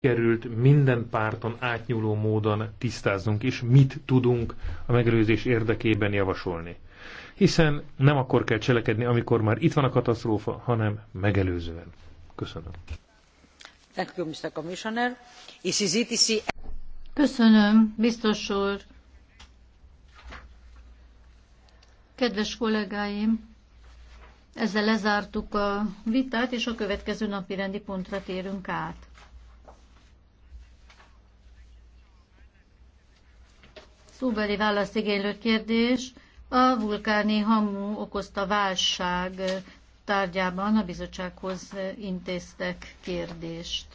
került minden párton átnyúló módon tisztáznunk is, mit tudunk a megelőzés érdekében javasolni. Hiszen nem akkor kell cselekedni, amikor már itt van a katasztrófa, hanem megelőzően. Köszönöm. Köszönöm, biztos úr. Kedves kollégáim, ezzel lezártuk a vitát, és a következő napi rendi pontra térünk át. szóbeli igénylő kérdés a vulkáni hamu okozta válság tárgyában a bizottsághoz intéztek kérdést.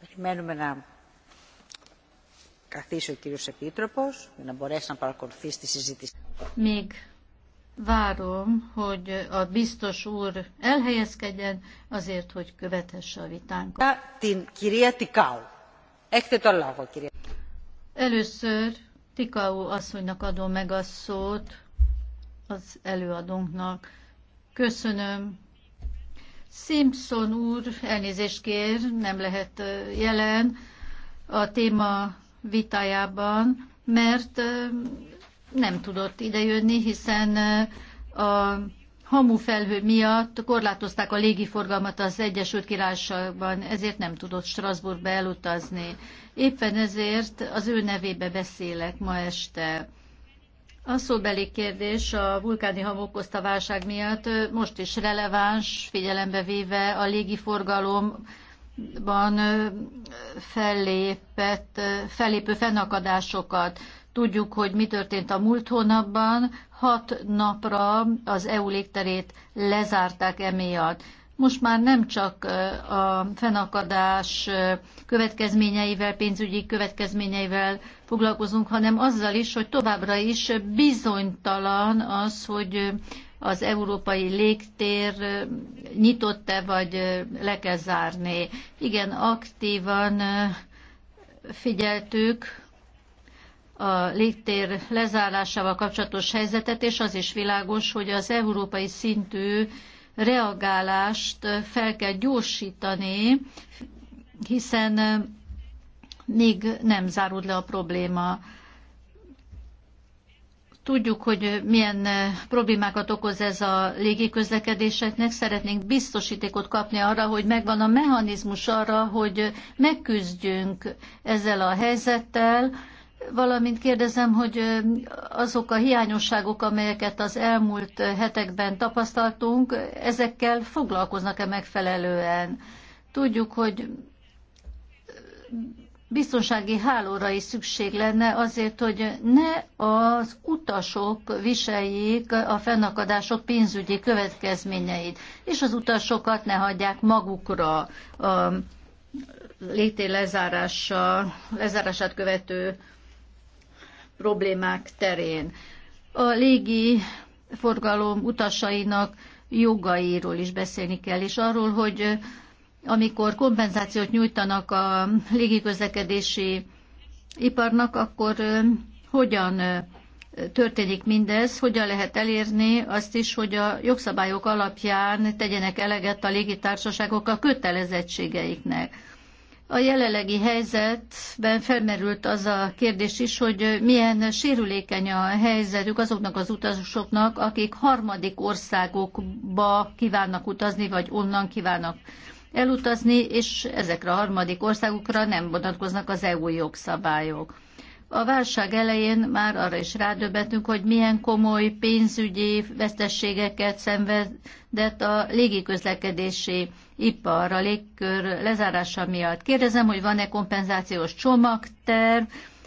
Περιμένουμε να καθίσει ο κύριος Επίτροπος για Még várom, hogy a biztos úr elhelyezkedjen azért, hogy követhesse a vitánkat. Tin κυρία kau. Ekte το λόγο, Először Tikau asszonynak adom meg a szót az előadónknak. Köszönöm. Simpson úr elnézést kér, nem lehet jelen a téma vitájában, mert nem tudott idejönni, hiszen a hamufelhő miatt korlátozták a légiforgalmat az Egyesült Királyságban, ezért nem tudott Strasbourgba elutazni. Éppen ezért az ő nevébe beszélek ma este. A szóbeli kérdés a vulkáni ham okozta válság miatt most is releváns, figyelembe véve a légiforgalomban fellépett, fellépő fennakadásokat. Tudjuk, hogy mi történt a múlt hónapban, hat napra az EU légterét lezárták emiatt. Most már nem csak a fenakadás következményeivel, pénzügyi következményeivel foglalkozunk, hanem azzal is, hogy továbbra is bizonytalan az, hogy az európai légtér nyitott-e, vagy le kell zárni. Igen, aktívan figyeltük a légtér lezárásával kapcsolatos helyzetet, és az is világos, hogy az európai szintű reagálást fel kell gyorsítani, hiszen még nem zárult le a probléma. Tudjuk, hogy milyen problémákat okoz ez a légiközlekedéseknek. Szeretnénk biztosítékot kapni arra, hogy megvan a mechanizmus arra, hogy megküzdjünk ezzel a helyzettel, valamint kérdezem, hogy azok a hiányosságok, amelyeket az elmúlt hetekben tapasztaltunk, ezekkel foglalkoznak-e megfelelően? Tudjuk, hogy biztonsági hálóra is szükség lenne azért, hogy ne az utasok viseljék a fennakadások pénzügyi következményeit, és az utasokat ne hagyják magukra a lété lezárása, lezárását követő problémák terén. A légi forgalom utasainak jogairól is beszélni kell, és arról, hogy amikor kompenzációt nyújtanak a légiközlekedési iparnak, akkor hogyan történik mindez, hogyan lehet elérni azt is, hogy a jogszabályok alapján tegyenek eleget a légitársaságok a kötelezettségeiknek. A jelenlegi helyzetben felmerült az a kérdés is, hogy milyen sérülékeny a helyzetük azoknak az utasoknak, akik harmadik országokba kívánnak utazni, vagy onnan kívánnak elutazni, és ezekre a harmadik országokra nem vonatkoznak az EU jogszabályok. A válság elején már arra is rádöbbentünk, hogy milyen komoly pénzügyi vesztességeket szenvedett a légiközlekedési ipar a légkör lezárása miatt. Kérdezem, hogy van-e kompenzációs csomagterv,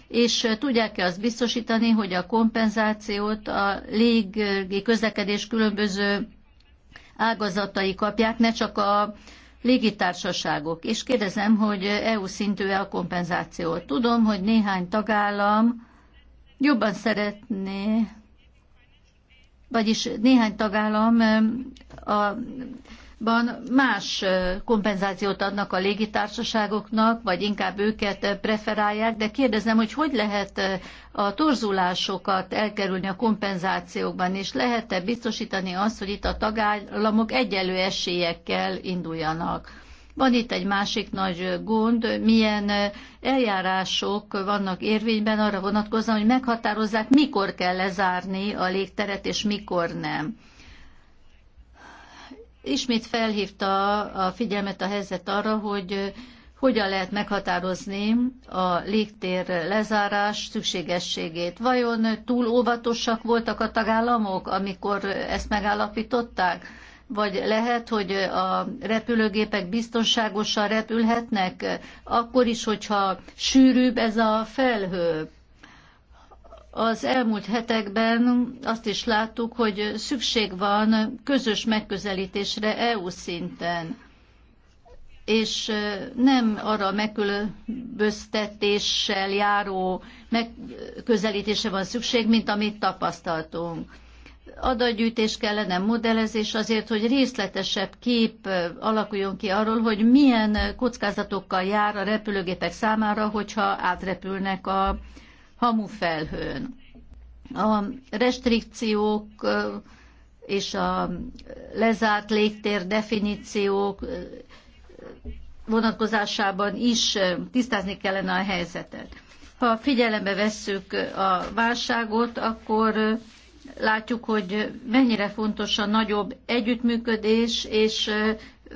és tudják-e azt biztosítani, hogy a kompenzációt a légi közlekedés különböző ágazatai kapják, ne csak a légitársaságok, és kérdezem, hogy EU szintű-e a kompenzáció. Tudom, hogy néhány tagállam jobban szeretné, vagyis néhány tagállam a ban más kompenzációt adnak a légitársaságoknak, vagy inkább őket preferálják, de kérdezem, hogy hogy lehet a torzulásokat elkerülni a kompenzációkban, és lehet-e biztosítani azt, hogy itt a tagállamok egyenlő esélyekkel induljanak? Van itt egy másik nagy gond, milyen eljárások vannak érvényben arra vonatkozóan, hogy meghatározzák, mikor kell lezárni a légteret, és mikor nem ismét felhívta a figyelmet a helyzet arra, hogy hogyan lehet meghatározni a légtér lezárás szükségességét. Vajon túl óvatosak voltak a tagállamok, amikor ezt megállapították? Vagy lehet, hogy a repülőgépek biztonságosan repülhetnek, akkor is, hogyha sűrűbb ez a felhő? Az elmúlt hetekben azt is láttuk, hogy szükség van közös megközelítésre EU szinten, és nem arra megkülönböztetéssel járó megközelítése van szükség, mint amit tapasztaltunk adatgyűjtés kellene, modellezés azért, hogy részletesebb kép alakuljon ki arról, hogy milyen kockázatokkal jár a repülőgépek számára, hogyha átrepülnek a hamufelhőn. A restrikciók és a lezárt légtér definíciók vonatkozásában is tisztázni kellene a helyzetet. Ha figyelembe vesszük a válságot, akkor látjuk, hogy mennyire fontos a nagyobb együttműködés és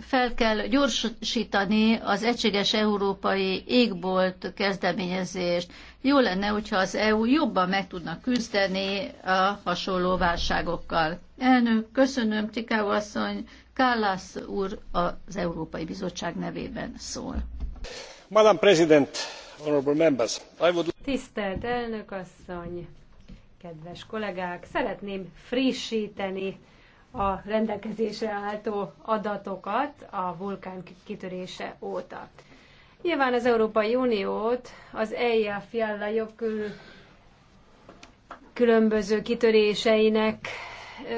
fel kell gyorsítani az egységes európai égbolt kezdeményezést. Jó lenne, hogyha az EU jobban meg tudna küzdeni a hasonló válságokkal. Elnök, köszönöm, Tikáv asszony, Kállász úr az Európai Bizottság nevében szól. Madam President, honorable members, I would... Tisztelt elnök asszony, kedves kollégák, szeretném frissíteni a rendelkezésre álltó adatokat a vulkán kitörése óta. Nyilván az Európai Uniót az EIA Fiala jogkül különböző kitöréseinek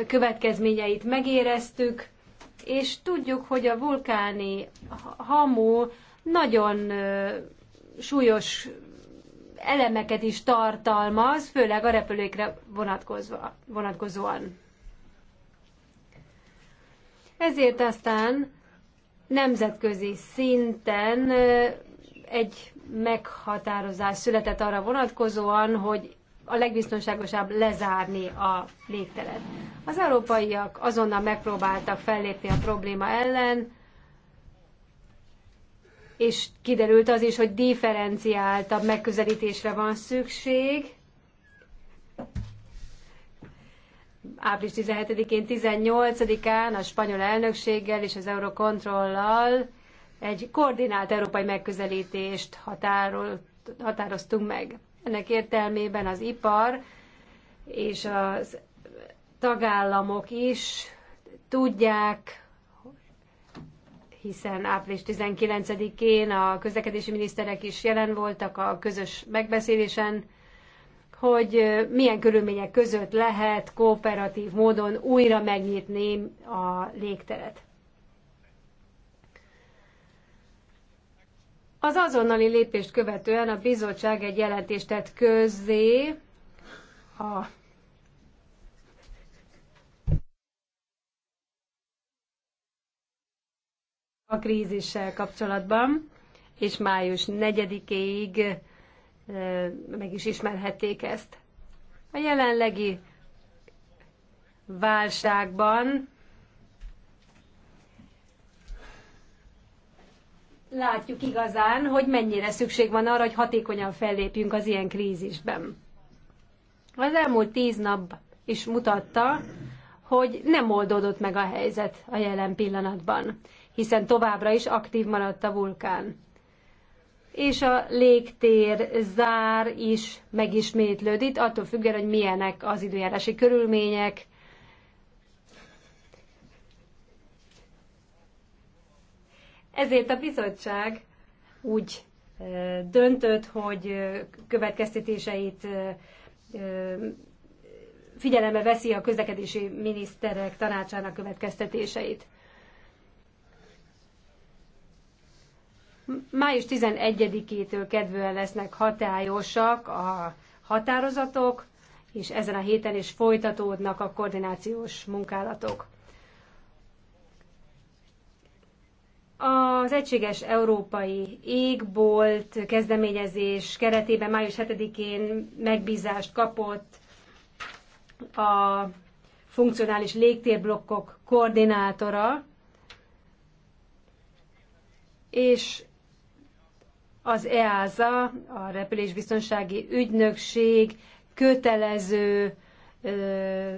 következményeit megéreztük, és tudjuk, hogy a vulkáni hamu nagyon súlyos elemeket is tartalmaz, főleg a repülőkre vonatkozva, vonatkozóan. Ezért aztán nemzetközi szinten egy meghatározás született arra vonatkozóan, hogy a legbiztonságosabb lezárni a légteret. Az európaiak azonnal megpróbáltak fellépni a probléma ellen, és kiderült az is, hogy differenciáltabb megközelítésre van szükség, április 17-én, 18-án a spanyol elnökséggel és az Eurocontrollal egy koordinált európai megközelítést határolt, határoztunk meg. Ennek értelmében az ipar és az tagállamok is tudják, hiszen április 19-én a közlekedési miniszterek is jelen voltak a közös megbeszélésen, hogy milyen körülmények között lehet kooperatív módon újra megnyitni a légteret. Az azonnali lépést követően a bizottság egy jelentést tett közzé a a krízissel kapcsolatban, és május 4-ig meg is ismerhették ezt. A jelenlegi válságban látjuk igazán, hogy mennyire szükség van arra, hogy hatékonyan fellépjünk az ilyen krízisben. Az elmúlt tíz nap is mutatta, hogy nem oldódott meg a helyzet a jelen pillanatban, hiszen továbbra is aktív maradt a vulkán és a légtér zár is megismétlődik, attól függően, hogy milyenek az időjárási körülmények. Ezért a bizottság úgy döntött, hogy következtetéseit figyelembe veszi a közlekedési miniszterek tanácsának következtetéseit. Május 11-től kedvően lesznek hatályosak a határozatok, és ezen a héten is folytatódnak a koordinációs munkálatok. Az Egységes Európai Égbolt kezdeményezés keretében május 7-én megbízást kapott a funkcionális légtérblokkok koordinátora, és az EASA, a repülésbiztonsági ügynökség kötelező ö,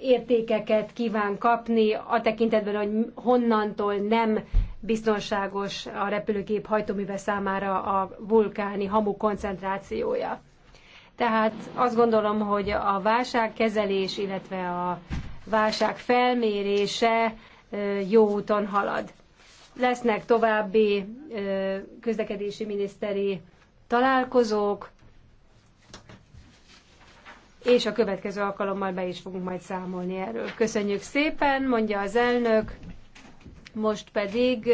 értékeket kíván kapni a tekintetben, hogy honnantól nem biztonságos a repülőgép hajtóműve számára a vulkáni hamu koncentrációja. Tehát azt gondolom, hogy a válságkezelés, illetve a válság felmérése jó úton halad lesznek további közlekedési miniszteri találkozók, és a következő alkalommal be is fogunk majd számolni erről. Köszönjük szépen, mondja az elnök, most pedig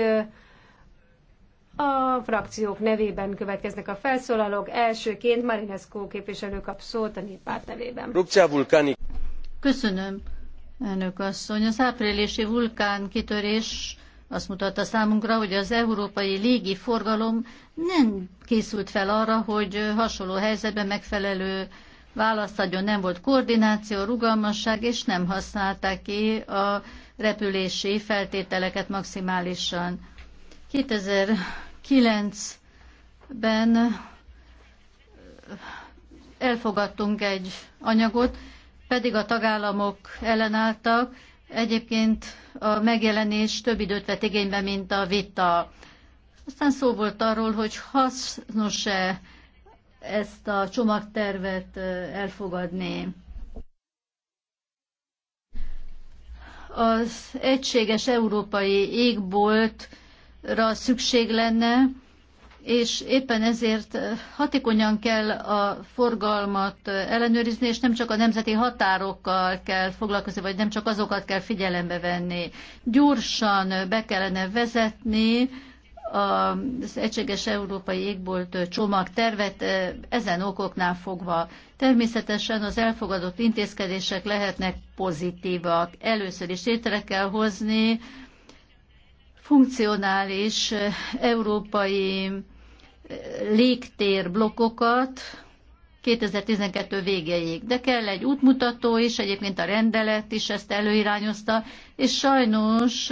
a frakciók nevében következnek a felszólalók. Elsőként Marinescu képviselő kap szót a néppárt nevében. Köszönöm, elnök asszony. Az áprilisi vulkán kitörés azt mutatta számunkra, hogy az európai légi forgalom nem készült fel arra, hogy hasonló helyzetben megfelelő választ adjon. Nem volt koordináció, rugalmasság, és nem használták ki a repülési feltételeket maximálisan. 2009-ben elfogadtunk egy anyagot, pedig a tagállamok ellenálltak, Egyébként a megjelenés több időt vett igénybe, mint a vita. Aztán szó volt arról, hogy hasznos-e ezt a csomagtervet elfogadni. Az egységes európai égboltra szükség lenne, és éppen ezért eh, hatékonyan kell a forgalmat eh, ellenőrizni, és nem csak a nemzeti határokkal kell foglalkozni, vagy nem csak azokat kell figyelembe venni. Gyorsan eh, be kellene vezetni az Egységes Európai Égbolt csomag tervet ezen okoknál fogva. Természetesen az elfogadott intézkedések lehetnek pozitívak. Először is létre kell hozni funkcionális európai légtérblokkokat 2012 végéig. De kell egy útmutató is, egyébként a rendelet is ezt előirányozta, és sajnos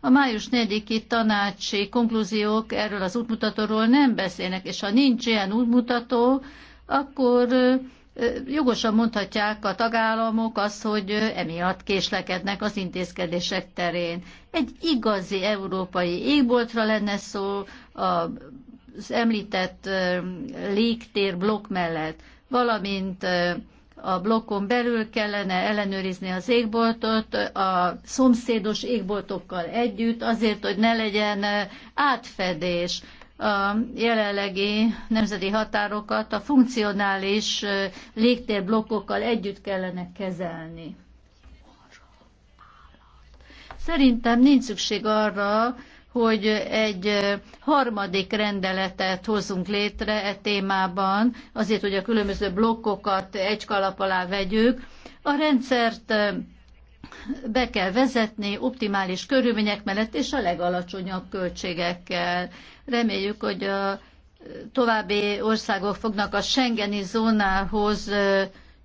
a május 4-i tanácsi konklúziók erről az útmutatóról nem beszélnek, és ha nincs ilyen útmutató, akkor jogosan mondhatják a tagállamok azt, hogy emiatt késlekednek az intézkedések terén. Egy igazi európai égboltra lenne szó, a az említett légtér blokk mellett, valamint a blokkon belül kellene ellenőrizni az égboltot a szomszédos égboltokkal együtt, azért, hogy ne legyen átfedés a jelenlegi nemzeti határokat a funkcionális légtérblokkokkal együtt kellene kezelni. Szerintem nincs szükség arra, hogy egy harmadik rendeletet hozzunk létre e témában, azért, hogy a különböző blokkokat egy kalap alá vegyük. A rendszert be kell vezetni optimális körülmények mellett és a legalacsonyabb költségekkel. Reméljük, hogy a további országok fognak a Schengeni zónához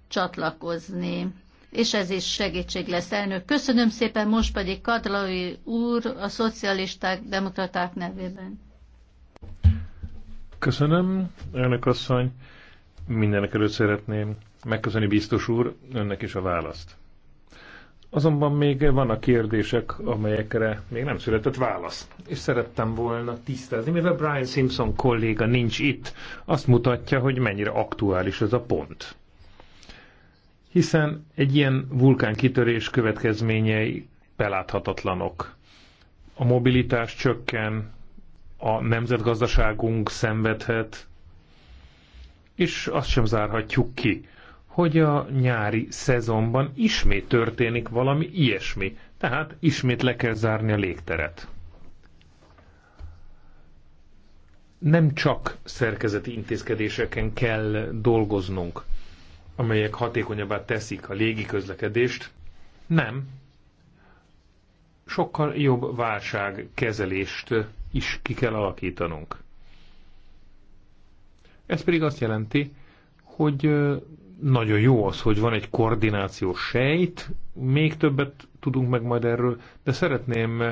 csatlakozni és ez is segítség lesz, elnök. Köszönöm szépen, most pedig Kadlai úr a szocialisták, demokraták nevében. Köszönöm, elnök asszony. Mindenek előtt szeretném megköszönni biztos úr önnek is a választ. Azonban még vannak kérdések, amelyekre még nem született válasz. És szerettem volna tisztázni, mivel Brian Simpson kolléga nincs itt, azt mutatja, hogy mennyire aktuális ez a pont hiszen egy ilyen vulkánkitörés következményei beláthatatlanok. A mobilitás csökken, a nemzetgazdaságunk szenvedhet, és azt sem zárhatjuk ki, hogy a nyári szezonban ismét történik valami ilyesmi, tehát ismét le kell zárni a légteret. Nem csak szerkezeti intézkedéseken kell dolgoznunk, amelyek hatékonyabbá teszik a légi közlekedést, nem, sokkal jobb válságkezelést is ki kell alakítanunk. Ez pedig azt jelenti, hogy nagyon jó az, hogy van egy koordinációs sejt, még többet tudunk meg majd erről, de szeretném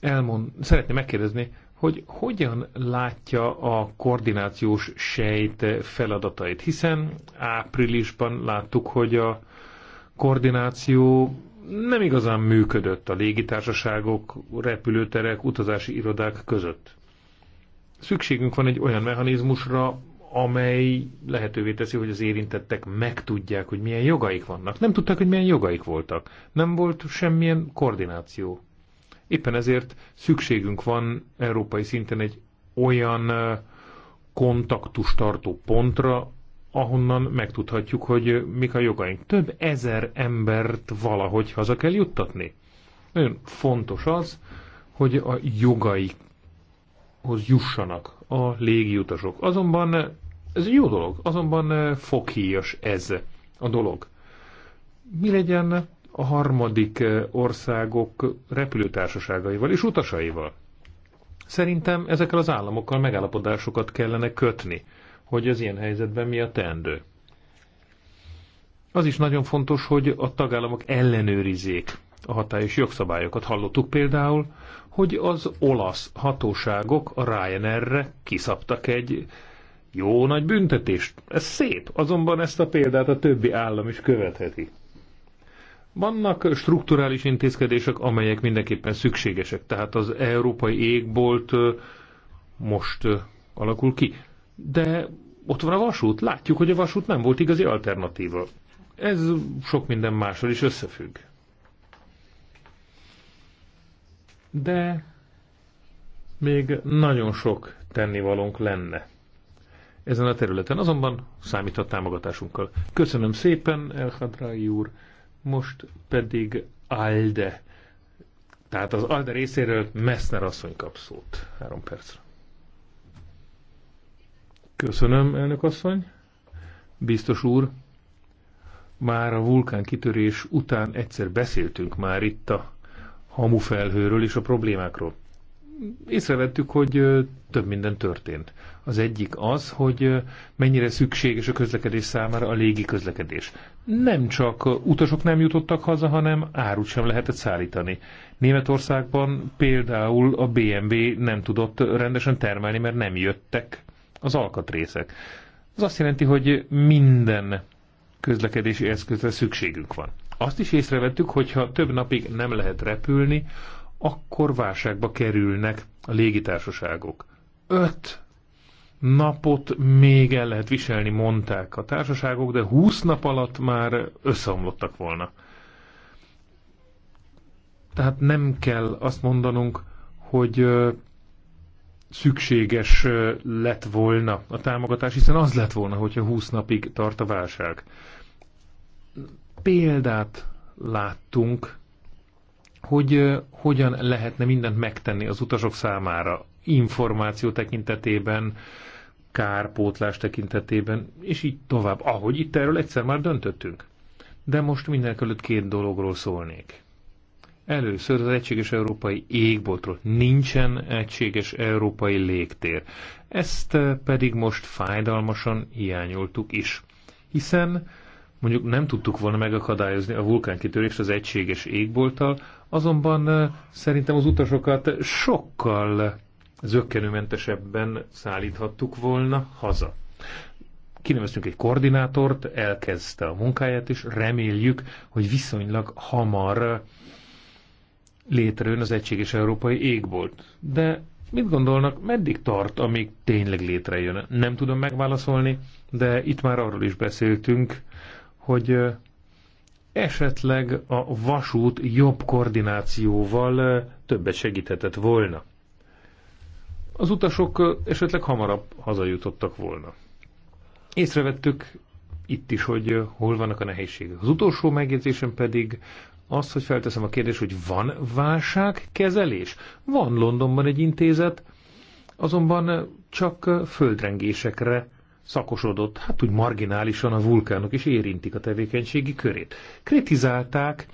elmond, szeretném megkérdezni, hogy hogyan látja a koordinációs sejt feladatait, hiszen áprilisban láttuk, hogy a koordináció nem igazán működött a légitársaságok, repülőterek, utazási irodák között. Szükségünk van egy olyan mechanizmusra, amely lehetővé teszi, hogy az érintettek megtudják, hogy milyen jogaik vannak. Nem tudták, hogy milyen jogaik voltak. Nem volt semmilyen koordináció. Éppen ezért szükségünk van európai szinten egy olyan tartó pontra, ahonnan megtudhatjuk, hogy mik a jogaink. Több ezer embert valahogy haza kell juttatni. Nagyon fontos az, hogy a jogaikhoz jussanak a légiutasok. Azonban ez egy jó dolog, azonban fokhíjas ez a dolog. Mi legyen a harmadik eh, országok repülőtársaságaival és utasaival. Szerintem ezekkel az államokkal megállapodásokat kellene kötni, hogy az ilyen helyzetben mi a teendő. Az is nagyon fontos, hogy a tagállamok ellenőrizzék a hatályos jogszabályokat. Hallottuk például, hogy az olasz hatóságok a Ryanair-re kiszabtak egy jó nagy büntetést. Ez szép, azonban ezt a példát a többi állam is követheti. Vannak strukturális intézkedések, amelyek mindenképpen szükségesek. Tehát az európai égbolt most alakul ki. De ott van a vasút. Látjuk, hogy a vasút nem volt igazi alternatíva. Ez sok minden mással is összefügg. De még nagyon sok tennivalónk lenne ezen a területen, azonban számít a támogatásunkkal. Köszönöm szépen, Elhadrai úr! Most pedig Alde. Tehát az Alde részéről Messner asszony kap szót. Három percre. Köszönöm, elnök asszony. Biztos úr, már a vulkán kitörés után egyszer beszéltünk már itt a hamufelhőről és a problémákról. Észrevettük, hogy több minden történt. Az egyik az, hogy mennyire szükséges a közlekedés számára a légi közlekedés nem csak utasok nem jutottak haza, hanem árut sem lehetett szállítani. Németországban például a BMW nem tudott rendesen termelni, mert nem jöttek az alkatrészek. Ez azt jelenti, hogy minden közlekedési eszközre szükségünk van. Azt is észrevettük, hogy ha több napig nem lehet repülni, akkor válságba kerülnek a légitársaságok. Öt napot még el lehet viselni, mondták a társaságok, de 20 nap alatt már összeomlottak volna. Tehát nem kell azt mondanunk, hogy szükséges lett volna a támogatás, hiszen az lett volna, hogyha 20 napig tart a válság. Példát láttunk, hogy hogyan lehetne mindent megtenni az utasok számára információ tekintetében, kárpótlás tekintetében, és így tovább, ahogy itt erről egyszer már döntöttünk. De most mindenkelőtt két dologról szólnék. Először az egységes európai égboltról. Nincsen egységes európai légtér. Ezt pedig most fájdalmasan hiányoltuk is. Hiszen mondjuk nem tudtuk volna megakadályozni a vulkánkitörést az egységes égbolttal, azonban szerintem az utasokat sokkal zöggenőmentesebben szállíthattuk volna haza. Kineveztünk egy koordinátort, elkezdte a munkáját, és reméljük, hogy viszonylag hamar létrejön az egységes európai égbolt. De mit gondolnak, meddig tart, amíg tényleg létrejön? Nem tudom megválaszolni, de itt már arról is beszéltünk, hogy esetleg a vasút jobb koordinációval többet segíthetett volna az utasok esetleg hamarabb hazajutottak volna. Észrevettük itt is, hogy hol vannak a nehézségek. Az utolsó megjegyzésem pedig az, hogy felteszem a kérdést, hogy van válságkezelés? Van Londonban egy intézet, azonban csak földrengésekre szakosodott, hát úgy marginálisan a vulkánok is érintik a tevékenységi körét. Kritizálták,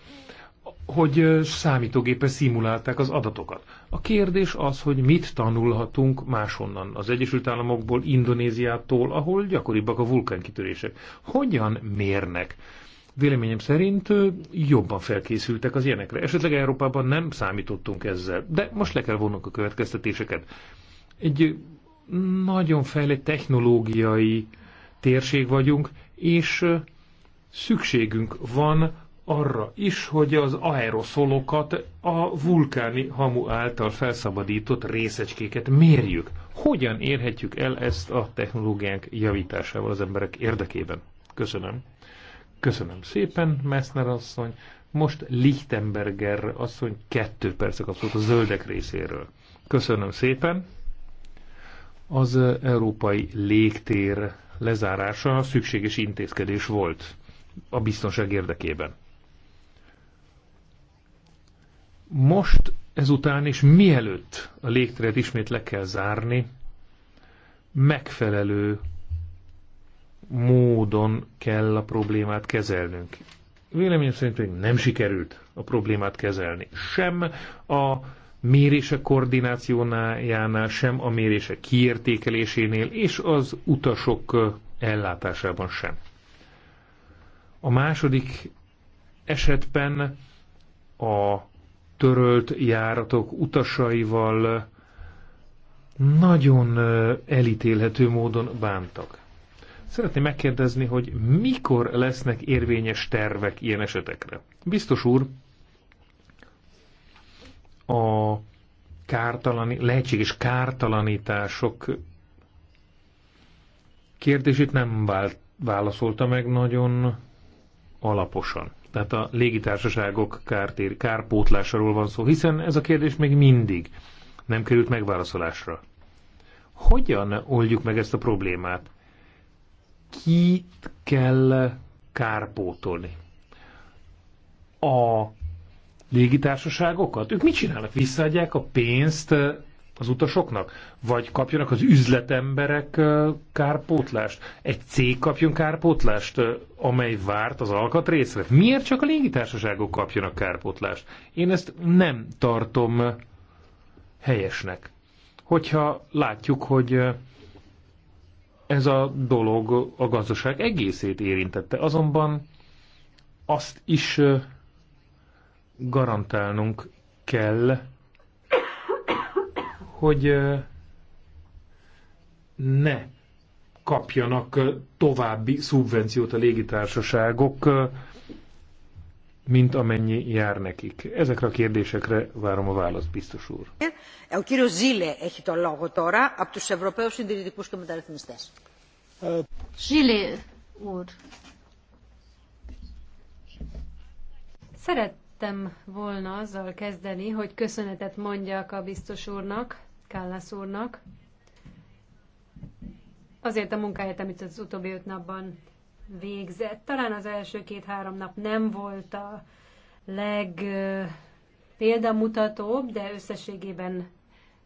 hogy számítógépen szimulálták az adatokat. A kérdés az, hogy mit tanulhatunk máshonnan, az Egyesült Államokból, Indonéziától, ahol gyakoribbak a vulkánkitörések. Hogyan mérnek? Véleményem szerint jobban felkészültek az ilyenekre. Esetleg Európában nem számítottunk ezzel, de most le kell vonnunk a következtetéseket. Egy nagyon fejlett technológiai térség vagyunk, és szükségünk van arra is, hogy az aeroszolokat, a vulkáni hamu által felszabadított részecskéket mérjük. Hogyan érhetjük el ezt a technológiánk javításával az emberek érdekében? Köszönöm. Köszönöm szépen, Messner asszony. Most Lichtenberger asszony kettő percet kapott a zöldek részéről. Köszönöm szépen. Az európai légtér lezárása szükséges intézkedés volt a biztonság érdekében. Most ezután és mielőtt a légteret ismét le kell zárni, megfelelő módon kell a problémát kezelnünk. Véleményem szerint még nem sikerült a problémát kezelni. Sem a mérések koordinációjánál, sem a mérések kiértékelésénél, és az utasok ellátásában sem. A második esetben a törölt járatok utasaival nagyon elítélhető módon bántak. Szeretném megkérdezni, hogy mikor lesznek érvényes tervek ilyen esetekre. Biztos úr, a kártalani, lehetséges kártalanítások kérdését nem vált, válaszolta meg nagyon alaposan tehát a légitársaságok kártér, kárpótlásáról van szó, hiszen ez a kérdés még mindig nem került megválaszolásra. Hogyan oldjuk meg ezt a problémát? Ki kell kárpótolni? A légitársaságokat? Ők mit csinálnak? Visszaadják a pénzt az utasoknak? Vagy kapjanak az üzletemberek kárpótlást? Egy cég kapjon kárpótlást, amely várt az alkatrészre? Miért csak a légitársaságok kapjanak kárpótlást? Én ezt nem tartom helyesnek. Hogyha látjuk, hogy ez a dolog a gazdaság egészét érintette, azonban azt is garantálnunk kell, hogy ne kapjanak további szubvenciót a légitársaságok, mint amennyi jár nekik. Ezekre a kérdésekre várom a választ, biztos úr. Zsillé úr. Szerettem volna azzal kezdeni, hogy köszönetet mondjak a biztos úrnak, Kállász úrnak. Azért a munkáját, amit az utóbbi öt napban végzett. Talán az első két-három nap nem volt a leg példamutatóbb, de összességében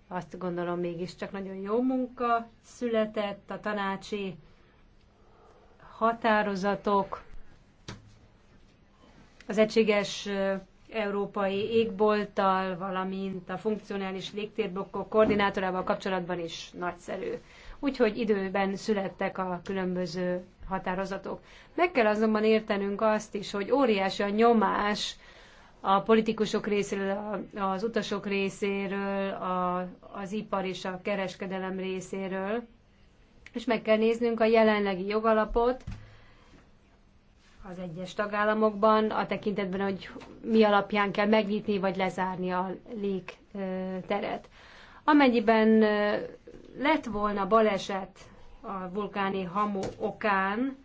azt gondolom mégiscsak nagyon jó munka született, a tanácsi határozatok, az egységes európai égbolttal, valamint a funkcionális légtérblokkok koordinátorával kapcsolatban is nagyszerű. Úgyhogy időben születtek a különböző határozatok. Meg kell azonban értenünk azt is, hogy óriási a nyomás a politikusok részéről, az utasok részéről, a, az ipar és a kereskedelem részéről, és meg kell néznünk a jelenlegi jogalapot, az egyes tagállamokban, a tekintetben, hogy mi alapján kell megnyitni vagy lezárni a légteret. Amennyiben lett volna baleset a vulkáni hamu okán,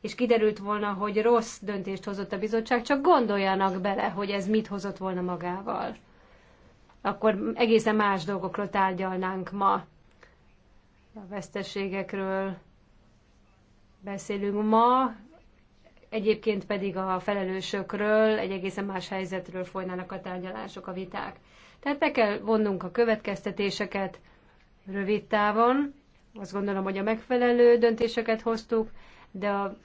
és kiderült volna, hogy rossz döntést hozott a bizottság, csak gondoljanak bele, hogy ez mit hozott volna magával. Akkor egészen más dolgokról tárgyalnánk ma. A veszteségekről beszélünk ma, Egyébként pedig a felelősökről egy egészen más helyzetről folynának a tárgyalások, a viták. Tehát be kell vonnunk a következtetéseket rövid távon. Azt gondolom, hogy a megfelelő döntéseket hoztuk, de a,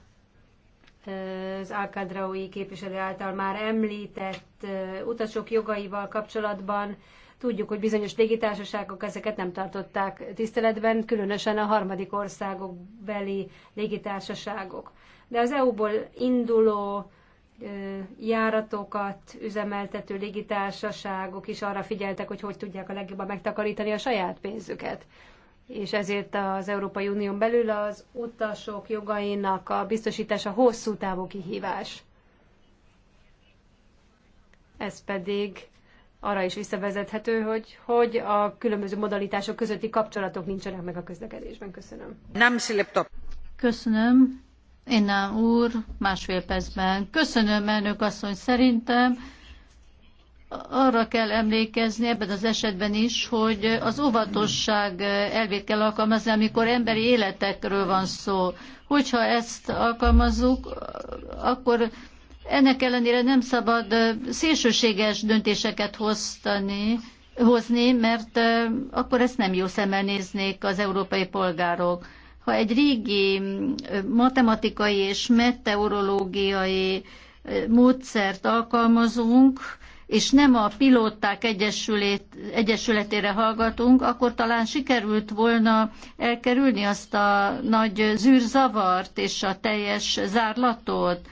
az Alcadraui képviselő által már említett utasok jogaival kapcsolatban tudjuk, hogy bizonyos légitársaságok ezeket nem tartották tiszteletben, különösen a harmadik országok beli légitársaságok de az EU-ból induló járatokat üzemeltető légitársaságok is arra figyeltek, hogy hogy tudják a legjobban megtakarítani a saját pénzüket. És ezért az Európai Unión belül az utasok jogainak a biztosítása hosszú távú kihívás. Ez pedig arra is visszavezethető, hogy, hogy a különböző modalitások közötti kapcsolatok nincsenek meg a közlekedésben. Köszönöm. Nem Köszönöm. Innen úr, másfél percben. Köszönöm, elnök asszony, szerintem arra kell emlékezni ebben az esetben is, hogy az óvatosság elvét kell alkalmazni, amikor emberi életekről van szó. Hogyha ezt alkalmazzuk, akkor ennek ellenére nem szabad szélsőséges döntéseket hoztani, hozni, mert eh, akkor ezt nem jó szemmel néznék az európai polgárok ha egy régi matematikai és meteorológiai módszert alkalmazunk, és nem a pilóták egyesületére hallgatunk, akkor talán sikerült volna elkerülni azt a nagy zűrzavart és a teljes zárlatot.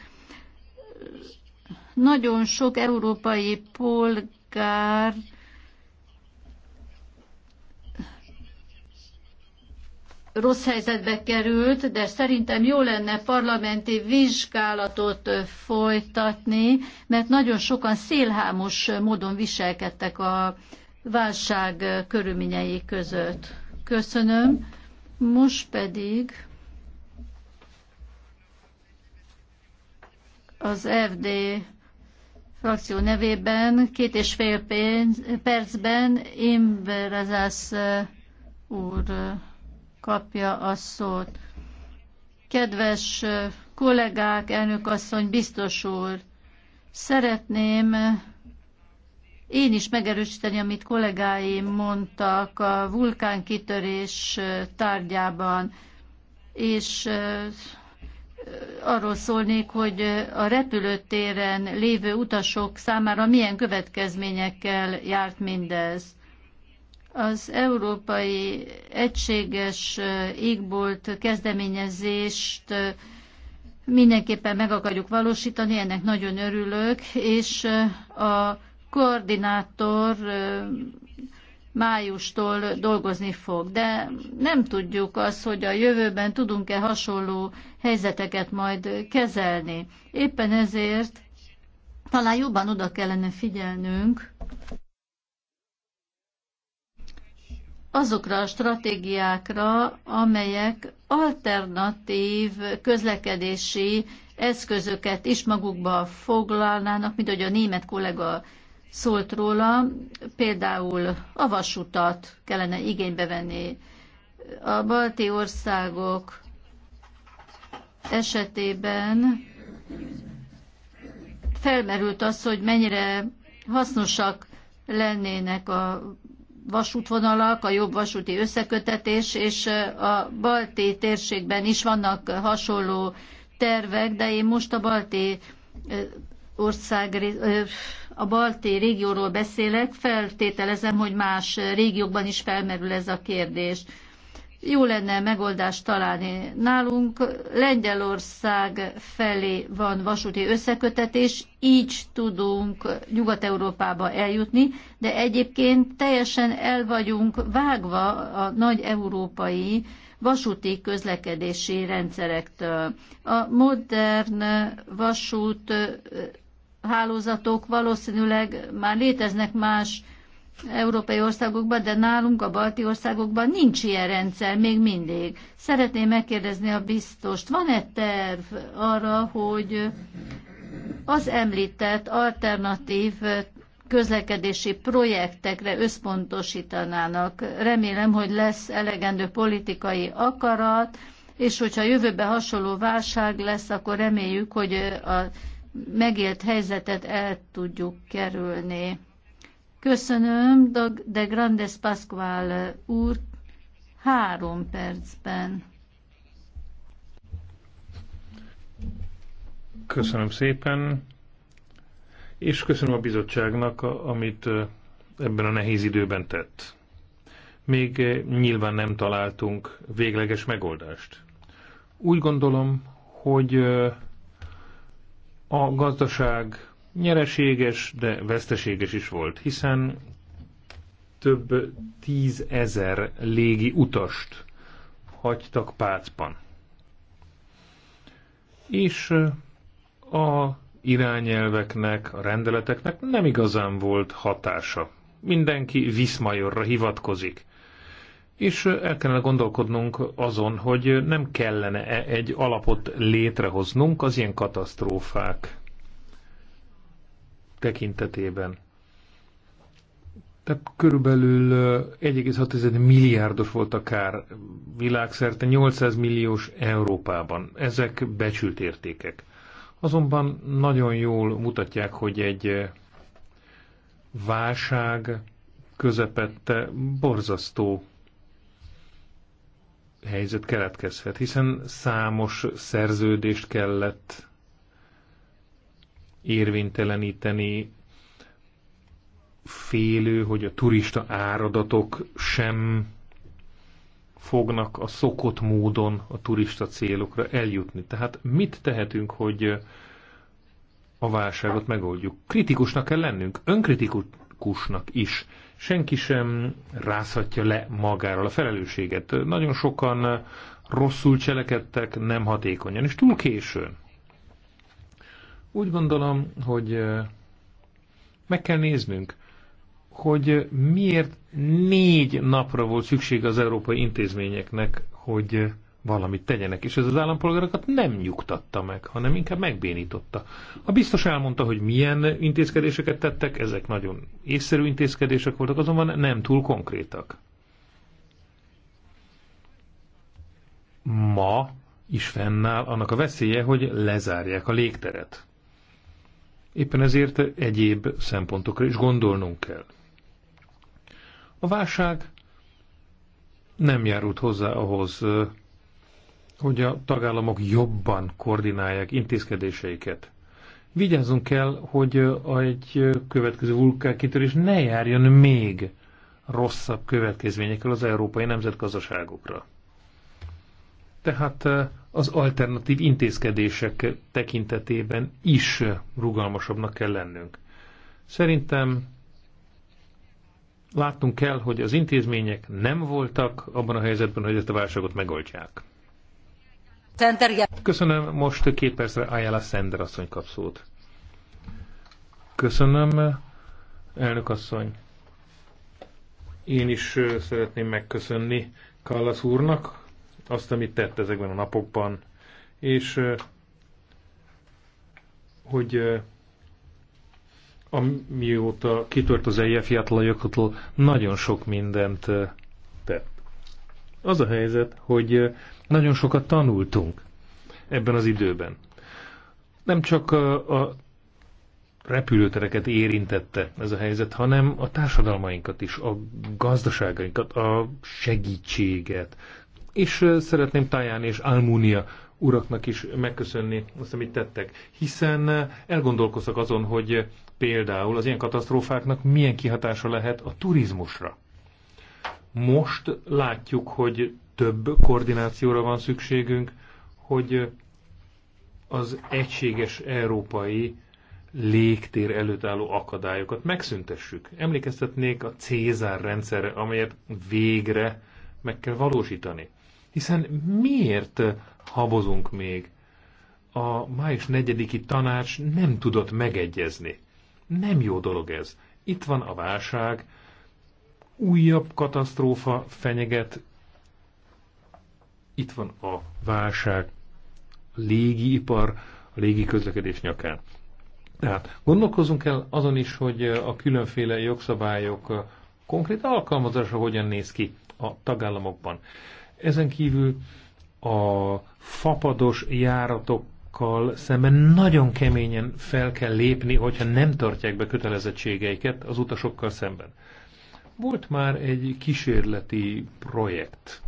Nagyon sok európai polgár rossz helyzetbe került, de szerintem jó lenne parlamenti vizsgálatot folytatni, mert nagyon sokan szélhámos módon viselkedtek a válság körülményei között. Köszönöm. Most pedig az FD frakció nevében két és fél pénz, percben Imberezász úr kapja a szót. Kedves kollégák, elnök asszony, biztos úr, szeretném én is megerősíteni, amit kollégáim mondtak a vulkánkitörés tárgyában, és arról szólnék, hogy a repülőtéren lévő utasok számára milyen következményekkel járt mindez. Az Európai Egységes Égbolt kezdeményezést mindenképpen meg akarjuk valósítani, ennek nagyon örülök, és a koordinátor májustól dolgozni fog. De nem tudjuk azt, hogy a jövőben tudunk-e hasonló helyzeteket majd kezelni. Éppen ezért talán jobban oda kellene figyelnünk azokra a stratégiákra, amelyek alternatív közlekedési eszközöket is magukba foglalnának, mint ahogy a német kollega szólt róla, például a vasutat kellene igénybe venni. A balti országok esetében felmerült az, hogy mennyire hasznosak lennének a vasútvonalak, a jobb vasúti összekötetés, és a balti térségben is vannak hasonló tervek, de én most a balti ország, a balti régióról beszélek, feltételezem, hogy más régiókban is felmerül ez a kérdés jó lenne megoldást találni. Nálunk Lengyelország felé van vasúti összekötetés, így tudunk Nyugat-Európába eljutni, de egyébként teljesen el vagyunk vágva a nagy európai vasúti közlekedési rendszerektől. A modern vasút hálózatok valószínűleg már léteznek más európai országokban, de nálunk a balti országokban nincs ilyen rendszer még mindig. Szeretném megkérdezni a biztost, van-e terv arra, hogy az említett alternatív közlekedési projektekre összpontosítanának. Remélem, hogy lesz elegendő politikai akarat, és hogyha jövőben hasonló válság lesz, akkor reméljük, hogy a megélt helyzetet el tudjuk kerülni. Köszönöm, de Grandes Pascual úr, három percben. Köszönöm szépen, és köszönöm a bizottságnak, amit ebben a nehéz időben tett. Még nyilván nem találtunk végleges megoldást. Úgy gondolom, hogy a gazdaság nyereséges, de veszteséges is volt, hiszen több tízezer légi utast hagytak Pácban. És a irányelveknek, a rendeleteknek nem igazán volt hatása. Mindenki viszmajorra hivatkozik. És el kellene gondolkodnunk azon, hogy nem kellene -e egy alapot létrehoznunk az ilyen katasztrófák tekintetében. Tehát körülbelül 1,6 milliárdos volt a kár világszerte, 800 milliós Európában. Ezek becsült értékek. Azonban nagyon jól mutatják, hogy egy válság közepette borzasztó helyzet keletkezhet, hiszen számos szerződést kellett érvényteleníteni, félő, hogy a turista áradatok sem fognak a szokott módon a turista célokra eljutni. Tehát mit tehetünk, hogy a válságot megoldjuk? Kritikusnak kell lennünk, önkritikusnak is. Senki sem rázhatja le magáról a felelősséget. Nagyon sokan rosszul cselekedtek, nem hatékonyan, és túl későn. Úgy gondolom, hogy meg kell néznünk, hogy miért négy napra volt szükség az európai intézményeknek, hogy valamit tegyenek, és ez az állampolgárokat nem nyugtatta meg, hanem inkább megbénította. A biztos elmondta, hogy milyen intézkedéseket tettek, ezek nagyon észszerű intézkedések voltak, azonban nem túl konkrétak. Ma is fennáll annak a veszélye, hogy lezárják a légteret. Éppen ezért egyéb szempontokra is gondolnunk kell. A válság nem járult hozzá ahhoz, hogy a tagállamok jobban koordinálják intézkedéseiket. Vigyázzunk kell, hogy egy következő vulkánkitörés ne járjon még rosszabb következményekkel az európai nemzetgazdaságokra. Tehát az alternatív intézkedések tekintetében is rugalmasabbnak kell lennünk. Szerintem látnunk kell, hogy az intézmények nem voltak abban a helyzetben, hogy ezt a válságot megoldják. Köszönöm, most két percre Ayala Sender asszony kap szót. Köszönöm, elnök asszony. Én is szeretném megköszönni Kallasz úrnak azt, amit tett ezekben a napokban, és hogy amióta kitört az EIE fiatal nagyon sok mindent tett. Az a helyzet, hogy nagyon sokat tanultunk ebben az időben. Nem csak a repülőtereket érintette ez a helyzet, hanem a társadalmainkat is, a gazdaságainkat, a segítséget, és szeretném Taján és Almunia uraknak is megköszönni azt, amit tettek, hiszen elgondolkoztak azon, hogy például az ilyen katasztrófáknak milyen kihatása lehet a turizmusra. Most látjuk, hogy több koordinációra van szükségünk, hogy az egységes európai légtér előtt álló akadályokat megszüntessük. Emlékeztetnék a Cézár rendszerre, amelyet végre meg kell valósítani. Hiszen miért habozunk még? A május negyediki tanács nem tudott megegyezni. Nem jó dolog ez. Itt van a válság, újabb katasztrófa fenyeget, itt van a válság, a légiipar, a légi közlekedés nyakán. Tehát gondolkozunk el azon is, hogy a különféle jogszabályok konkrét alkalmazása hogyan néz ki a tagállamokban. Ezen kívül a fapados járatokkal szemben nagyon keményen fel kell lépni, hogyha nem tartják be kötelezettségeiket az utasokkal szemben. Volt már egy kísérleti projekt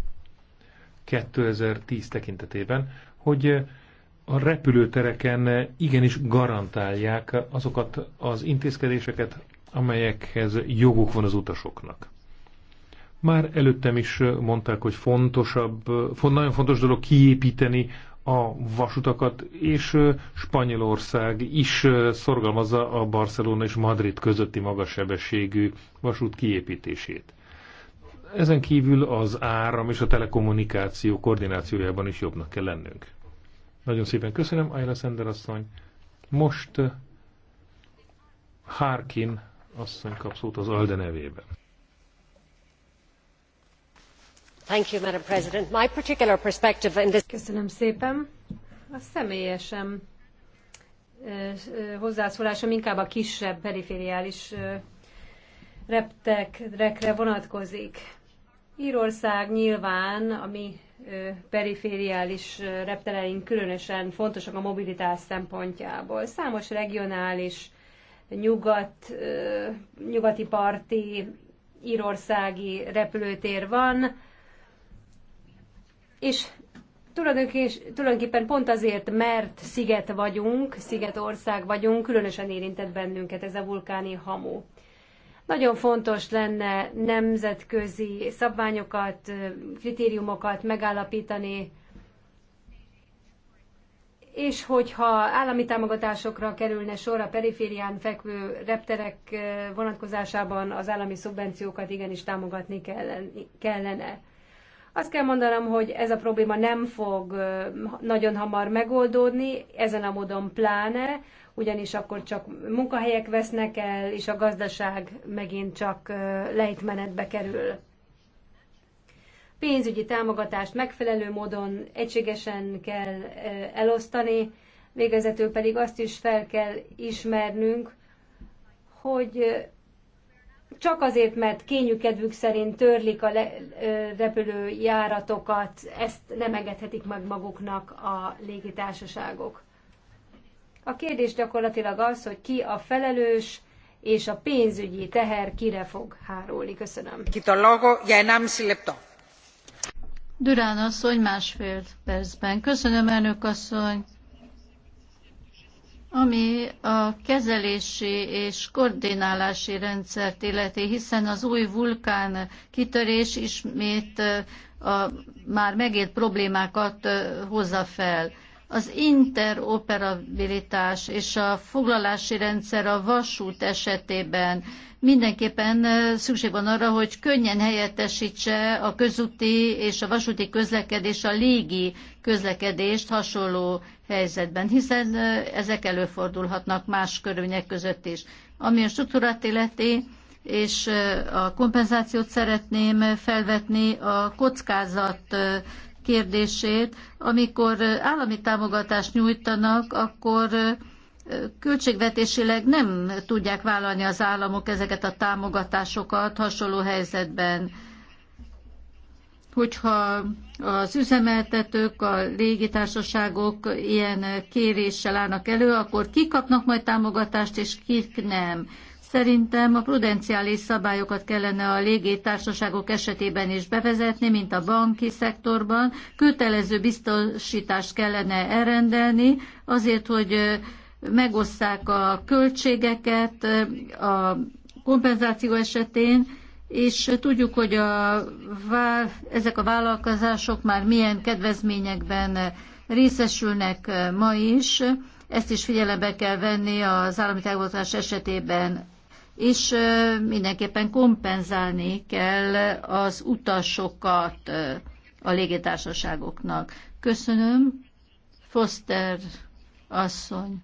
2010 tekintetében, hogy a repülőtereken igenis garantálják azokat az intézkedéseket, amelyekhez joguk van az utasoknak. Már előttem is mondták, hogy fontosabb, nagyon fontos dolog kiépíteni a vasutakat, és Spanyolország is szorgalmazza a Barcelona és Madrid közötti magassebességű vasút kiépítését. Ezen kívül az áram és a telekommunikáció koordinációjában is jobbnak kell lennünk. Nagyon szépen köszönöm, Ayla Szender asszony. Most Harkin asszony kap szót az Alde nevében. madam president my particular perspective in this. köszönöm szépen a személyesem hozzászólásom inkább a kisebb perifériális reptekre vonatkozik. Írország nyilván ami perifériális reptereink különösen fontosak a mobilitás szempontjából. Számos regionális, nyugat, nyugati parti, írországi repülőtér van, és tulajdonképpen pont azért, mert sziget vagyunk, szigetország vagyunk, különösen érintett bennünket ez a vulkáni hamu. Nagyon fontos lenne nemzetközi szabványokat, kritériumokat megállapítani, és hogyha állami támogatásokra kerülne sor a periférián fekvő repterek vonatkozásában, az állami szubvenciókat igenis támogatni kellene azt kell mondanom, hogy ez a probléma nem fog nagyon hamar megoldódni, ezen a módon pláne, ugyanis akkor csak munkahelyek vesznek el, és a gazdaság megint csak lejtmenetbe kerül. Pénzügyi támogatást megfelelő módon egységesen kell elosztani, végezetül pedig azt is fel kell ismernünk, hogy csak azért, mert kényű kedvük szerint törlik a le, repülőjáratokat, ezt nem engedhetik meg maguknak a légitársaságok. A kérdés gyakorlatilag az, hogy ki a felelős, és a pénzügyi teher kire fog hárulni. Köszönöm. Durán asszony másfél percben. Köszönöm, elnök asszony ami a kezelési és koordinálási rendszert illeti, hiszen az új vulkán kitörés ismét a már megért problémákat hozza fel. Az interoperabilitás és a foglalási rendszer a vasút esetében mindenképpen szükség van arra, hogy könnyen helyettesítse a közúti és a vasúti közlekedés a légi közlekedést hasonló helyzetben, hiszen ezek előfordulhatnak más körülmények között is. Ami a struktúrát illeti, és a kompenzációt szeretném felvetni, a kockázat kérdését, amikor állami támogatást nyújtanak, akkor költségvetésileg nem tudják vállalni az államok ezeket a támogatásokat hasonló helyzetben. Hogyha az üzemeltetők, a légitársaságok ilyen kéréssel állnak elő, akkor kik kapnak majd támogatást, és kik nem. Szerintem a prudenciális szabályokat kellene a légitársaságok esetében is bevezetni, mint a banki szektorban. Kötelező biztosítást kellene elrendelni azért, hogy megosszák a költségeket a kompenzáció esetén, és tudjuk, hogy a, ezek a vállalkozások már milyen kedvezményekben részesülnek ma is. Ezt is figyelembe kell venni az állami támogatás esetében és mindenképpen kompenzálni kell az utasokat a légitársaságoknak. Köszönöm, Foster asszony.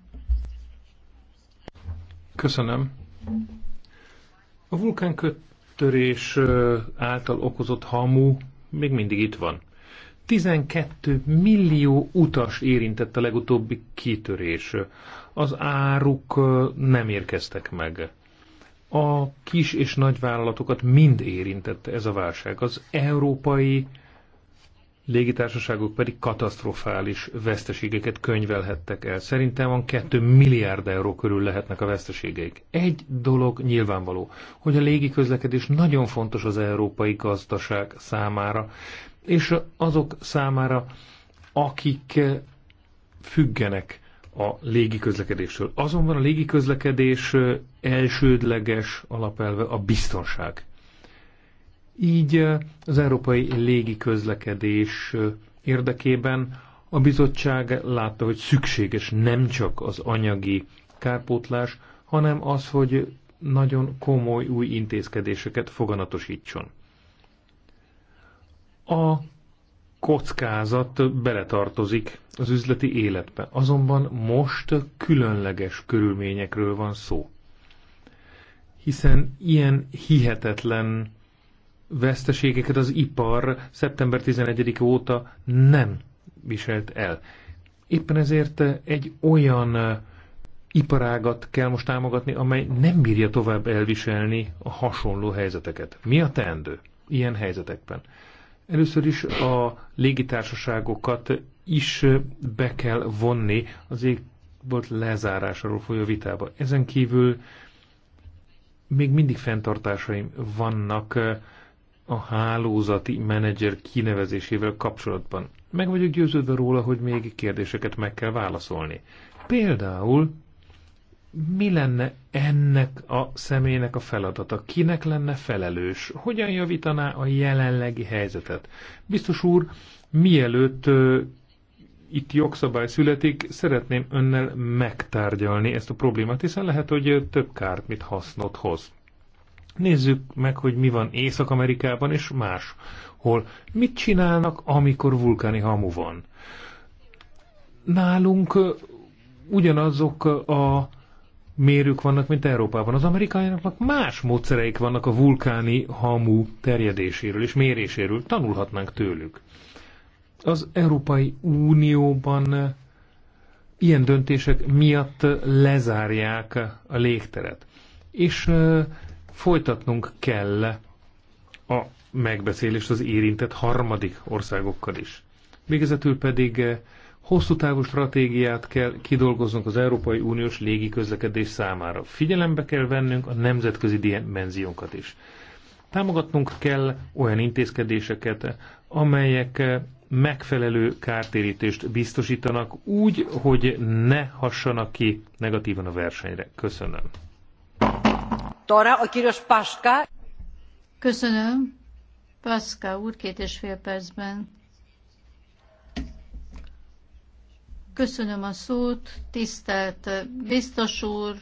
Köszönöm. A vulkánkötörés által okozott hamu még mindig itt van. 12 millió utas érintett a legutóbbi kitörés. Az áruk nem érkeztek meg. A kis és nagy vállalatokat mind érintette ez a válság. Az európai légitársaságok pedig katasztrofális veszteségeket könyvelhettek el. Szerintem van 2 milliárd euró körül lehetnek a veszteségeik. Egy dolog nyilvánvaló, hogy a légiközlekedés nagyon fontos az európai gazdaság számára, és azok számára, akik függenek a légiközlekedésről. Azonban a légiközlekedés elsődleges alapelve a biztonság. Így az európai légiközlekedés érdekében a bizottság látta, hogy szükséges nem csak az anyagi kárpótlás, hanem az, hogy nagyon komoly új intézkedéseket foganatosítson. A kockázat beletartozik az üzleti életbe. Azonban most különleges körülményekről van szó. Hiszen ilyen hihetetlen veszteségeket az ipar szeptember 11 óta nem viselt el. Éppen ezért egy olyan iparágat kell most támogatni, amely nem bírja tovább elviselni a hasonló helyzeteket. Mi a teendő ilyen helyzetekben? Először is a légitársaságokat is be kell vonni az égbolt lezárásáról folyó vitába. Ezen kívül még mindig fenntartásaim vannak a hálózati menedzser kinevezésével kapcsolatban. Meg vagyok győződve róla, hogy még kérdéseket meg kell válaszolni. Például mi lenne ennek a személynek a feladata? Kinek lenne felelős? Hogyan javítaná a jelenlegi helyzetet? Biztos úr, mielőtt ö, itt jogszabály születik, szeretném önnel megtárgyalni ezt a problémát, hiszen lehet, hogy több kárt, mint hasznot hoz. Nézzük meg, hogy mi van Észak-Amerikában és máshol. Mit csinálnak, amikor vulkáni hamu van? Nálunk ugyanazok a mérők vannak, mint Európában. Az amerikaiaknak más módszereik vannak a vulkáni hamu terjedéséről és méréséről. Tanulhatnánk tőlük. Az Európai Unióban eh, ilyen döntések miatt lezárják a légteret. És eh, folytatnunk kell a megbeszélést az érintett harmadik országokkal is. Végezetül pedig eh, Hosszú távú stratégiát kell kidolgoznunk az Európai Uniós légiközlekedés számára. Figyelembe kell vennünk a nemzetközi dimenziónkat is. Támogatnunk kell olyan intézkedéseket, amelyek megfelelő kártérítést biztosítanak úgy, hogy ne hassanak ki negatívan a versenyre. Köszönöm. Tora, a kíros Paska. Köszönöm. Paska úr, két és fél percben. Köszönöm a szót, tisztelt biztos úr,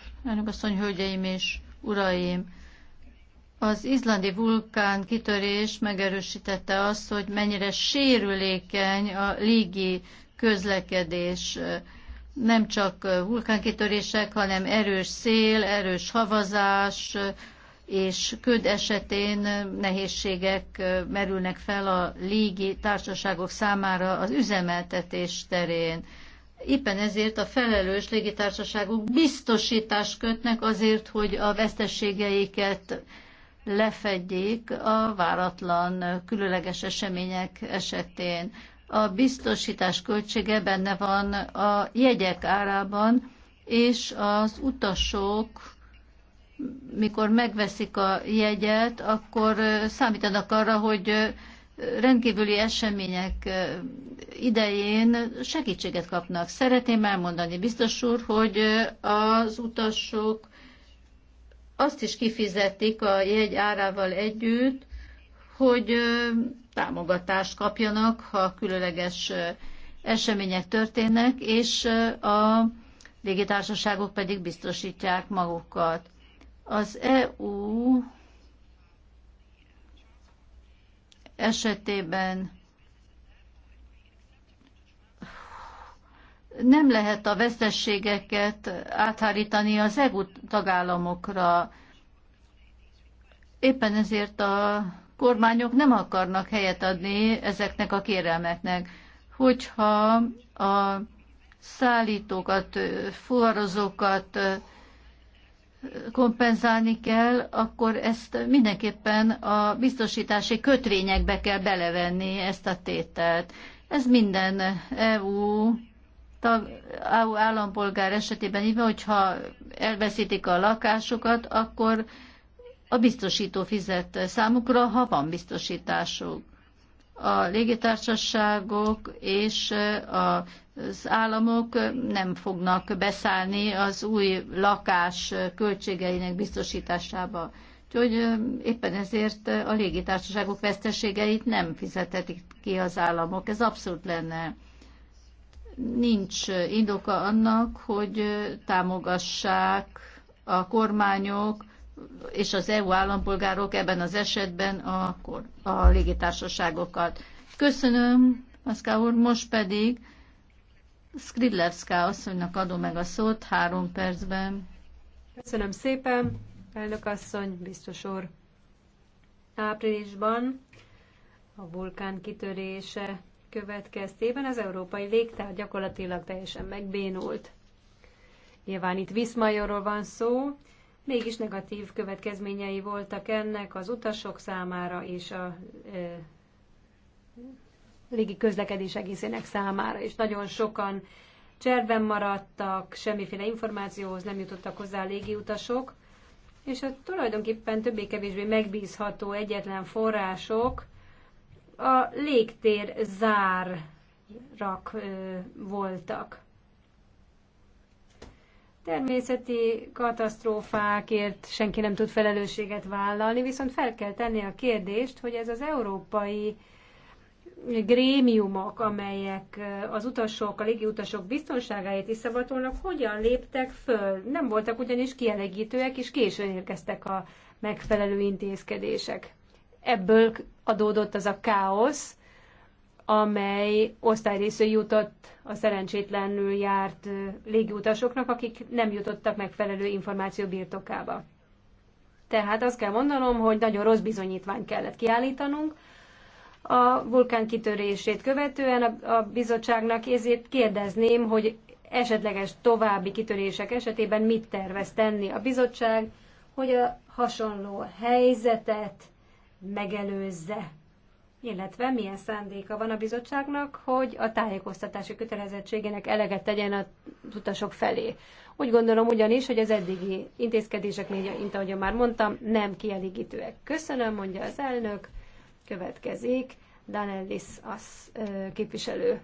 asszony, hölgyeim és uraim! Az izlandi vulkán kitörés megerősítette azt, hogy mennyire sérülékeny a légi közlekedés. Nem csak vulkánkitörések, hanem erős szél, erős havazás, és köd esetén nehézségek merülnek fel a légi társaságok számára az üzemeltetés terén. Éppen ezért a felelős légitársaságok biztosítást kötnek azért, hogy a vesztességeiket lefedjék a váratlan különleges események esetén. A biztosítás költsége benne van a jegyek árában, és az utasok, mikor megveszik a jegyet, akkor számítanak arra, hogy rendkívüli események idején segítséget kapnak. Szeretném elmondani, biztos úr, hogy az utasok azt is kifizetik a jegy árával együtt, hogy támogatást kapjanak, ha különleges események történnek, és a légitársaságok pedig biztosítják magukat. Az EU esetében nem lehet a veszességeket áthárítani az EU tagállamokra. Éppen ezért a kormányok nem akarnak helyet adni ezeknek a kérelmeknek. Hogyha a szállítókat, fuvarozókat, kompenzálni kell, akkor ezt mindenképpen a biztosítási kötvényekbe kell belevenni ezt a tételt. Ez minden EU tag, EU állampolgár esetében így van, hogyha elveszítik a lakásukat, akkor a biztosító fizet számukra, ha van biztosításuk. A légitársaságok és a az államok nem fognak beszállni az új lakás költségeinek biztosításába. Úgyhogy éppen ezért a légitársaságok veszteségeit nem fizethetik ki az államok. Ez abszolút lenne. Nincs indoka annak, hogy támogassák a kormányok és az EU állampolgárok ebben az esetben a, a légitársaságokat. Köszönöm, Paszkál úr, most pedig Skridlevská asszonynak adom meg a szót három percben. Köszönöm szépen, elnök asszony, biztos úr. Áprilisban a vulkán kitörése következtében az európai légtár gyakorlatilag teljesen megbénult. Nyilván itt Viszmajorról van szó, mégis negatív következményei voltak ennek az utasok számára és a e, légi közlekedés egészének számára, és nagyon sokan cserben maradtak, semmiféle információhoz nem jutottak hozzá a légiutasok, és a hát tulajdonképpen többé-kevésbé megbízható egyetlen források a légtér zárrak ö, voltak. Természeti katasztrófákért senki nem tud felelősséget vállalni, viszont fel kell tenni a kérdést, hogy ez az európai grémiumok, amelyek eh, az utasok, a utasok biztonságáért is szavatolnak, hogyan léptek föl? Nem voltak ugyanis kielégítőek, és későn érkeztek a megfelelő intézkedések. Ebből adódott az a káosz, amely osztályrésző jutott a szerencsétlenül járt eh, légiutasoknak, akik nem jutottak megfelelő információ birtokába. Tehát azt kell mondanom, hogy nagyon rossz bizonyítványt kellett kiállítanunk, a vulkán kitörését követően a, a bizottságnak, ezért kérdezném, hogy esetleges további kitörések esetében mit tervez tenni a bizottság, hogy a hasonló helyzetet megelőzze, illetve milyen szándéka van a bizottságnak, hogy a tájékoztatási kötelezettségének eleget tegyen a utasok felé. Úgy gondolom ugyanis, hogy az eddigi intézkedések, mint ahogy már mondtam, nem kielégítőek. Köszönöm, mondja az elnök. Következik Danellis az képviselő.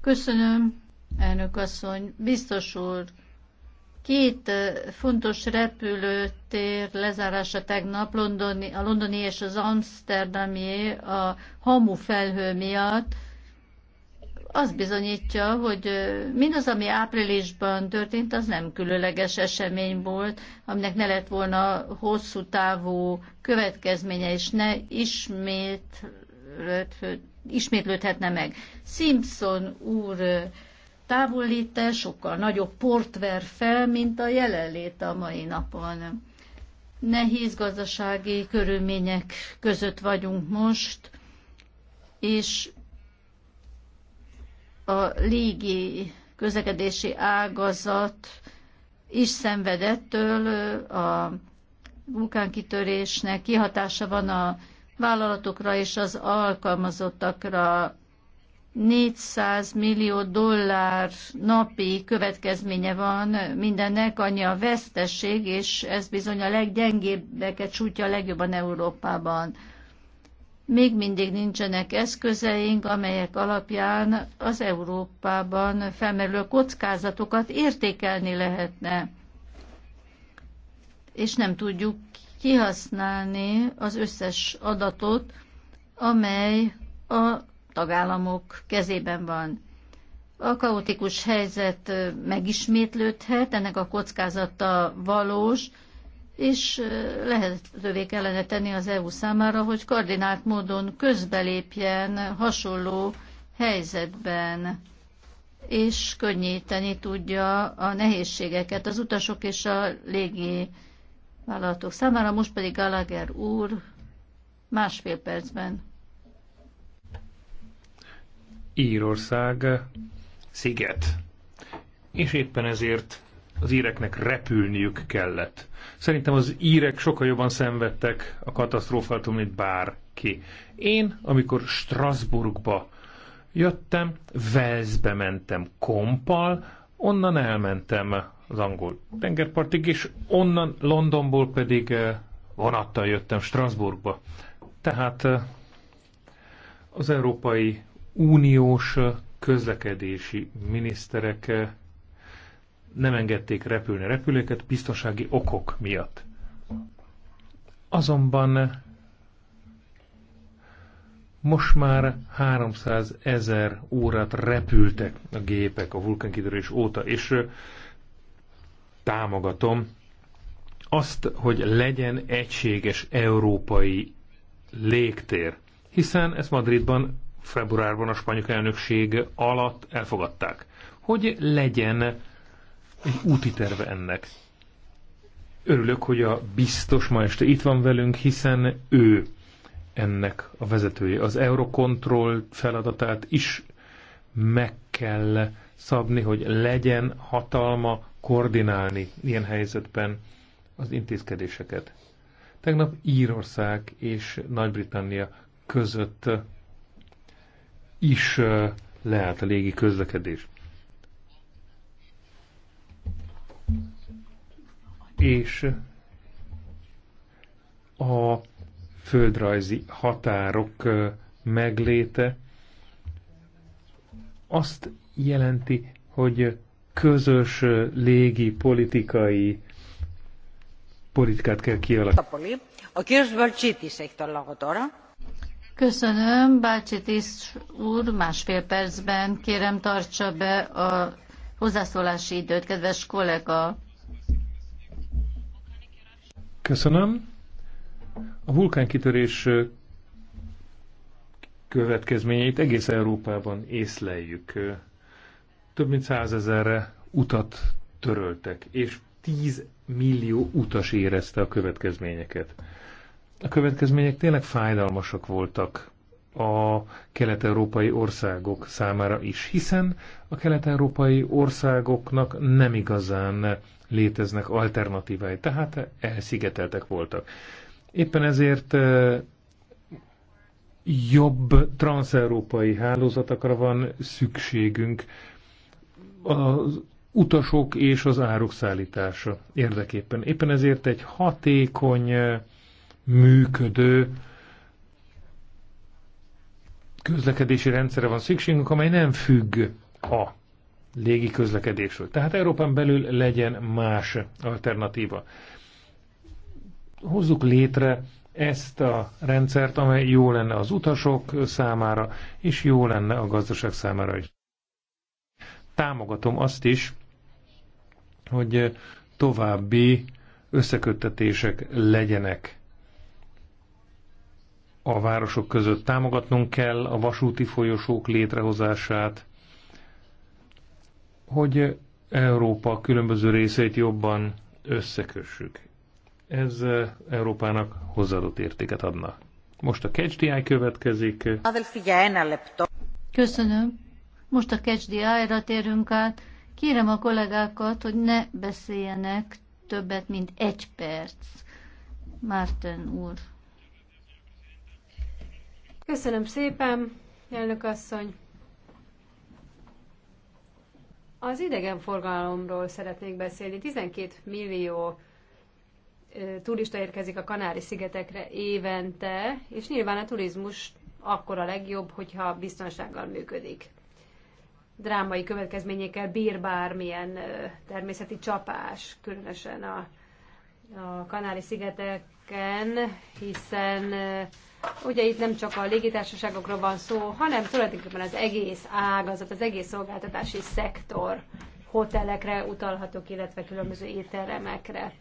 Köszönöm, elnök asszony. Biztos úr, két fontos repülőtér lezárása tegnap Londoni, a londoni és az amsterdami a hamu felhő miatt az bizonyítja, hogy mindaz, ami áprilisban történt, az nem különleges esemény volt, aminek ne lett volna hosszú távú következménye, és ne ismét ismétlődhetne meg. Simpson úr távolléte sokkal nagyobb port ver fel, mint a jelenlét a mai napon. Nehéz gazdasági körülmények között vagyunk most, és a légi közlekedési ágazat is szenvedettől a vulkánkitörésnek kihatása van a vállalatokra és az alkalmazottakra. 400 millió dollár napi következménye van mindennek, annyi a veszteség, és ez bizony a leggyengébbeket sújtja legjobban Európában még mindig nincsenek eszközeink, amelyek alapján az Európában felmerülő kockázatokat értékelni lehetne. És nem tudjuk kihasználni az összes adatot, amely a tagállamok kezében van. A kaotikus helyzet megismétlődhet, ennek a kockázata valós, és lehetővé kellene tenni az EU számára, hogy koordinált módon közbelépjen hasonló helyzetben, és könnyíteni tudja a nehézségeket az utasok és a légi vállalatok számára. Most pedig Gallagher úr másfél percben. Írország sziget. És éppen ezért az íreknek repülniük kellett. Szerintem az írek sokkal jobban szenvedtek a katasztrófától, mint bárki. Én, amikor Strasbourgba jöttem, Velszbe mentem kompal, onnan elmentem az angol tengerpartig, és onnan Londonból pedig eh, vonattal jöttem Strasbourgba. Tehát eh, az Európai Uniós eh, közlekedési miniszterek nem engedték repülni repülőket biztonsági okok miatt. Azonban most már 300 ezer órát repültek a gépek a vulkánkidörés óta, és támogatom azt, hogy legyen egységes európai légtér, hiszen ezt Madridban februárban a spanyol elnökség alatt elfogadták, hogy legyen egy úti terve ennek. Örülök, hogy a biztos ma este itt van velünk, hiszen ő ennek a vezetője. Az Eurocontrol feladatát is meg kell szabni, hogy legyen hatalma koordinálni ilyen helyzetben az intézkedéseket. Tegnap Írország és Nagy-Britannia között is leállt a légi közlekedés. és a földrajzi határok megléte azt jelenti, hogy közös légi politikai politikát kell kialakítani. Köszönöm, tiszt úr, másfél percben kérem tartsa be a hozzászólási időt, kedves kollega. Köszönöm. A vulkánkitörés következményeit egész Európában észleljük. Több mint százezerre utat töröltek, és 10 millió utas érezte a következményeket. A következmények tényleg fájdalmasak voltak a kelet-európai országok számára is, hiszen a kelet-európai országoknak nem igazán léteznek alternatívái, tehát elszigeteltek voltak. Éppen ezért jobb transzeurópai hálózatokra van szükségünk az utasok és az áruk szállítása érdekében. Éppen ezért egy hatékony, működő közlekedési rendszerre van szükségünk, amely nem függ a légi közlekedésről. Tehát Európán belül legyen más alternatíva. Hozzuk létre ezt a rendszert, amely jó lenne az utasok számára, és jó lenne a gazdaság számára is. Támogatom azt is, hogy további összeköttetések legyenek a városok között. Támogatnunk kell a vasúti folyosók létrehozását, hogy Európa különböző részeit jobban összekössük. Ez Európának hozzáadott értéket adna. Most a KCDI következik. Köszönöm. Most a KCDI-ra térünk át. Kérem a kollégákat, hogy ne beszéljenek többet, mint egy perc. Márten úr. Köszönöm szépen, elnök asszony. Az idegenforgalomról szeretnék beszélni. 12 millió turista érkezik a Kanári-szigetekre évente, és nyilván a turizmus akkor a legjobb, hogyha biztonsággal működik. Drámai következményekkel bír bármilyen természeti csapás, különösen a, a Kanári-szigeteken, hiszen Ugye itt nem csak a légitársaságokról van szó, hanem tulajdonképpen az egész ágazat, az egész szolgáltatási szektor hotelekre utalhatok, illetve különböző étteremekre.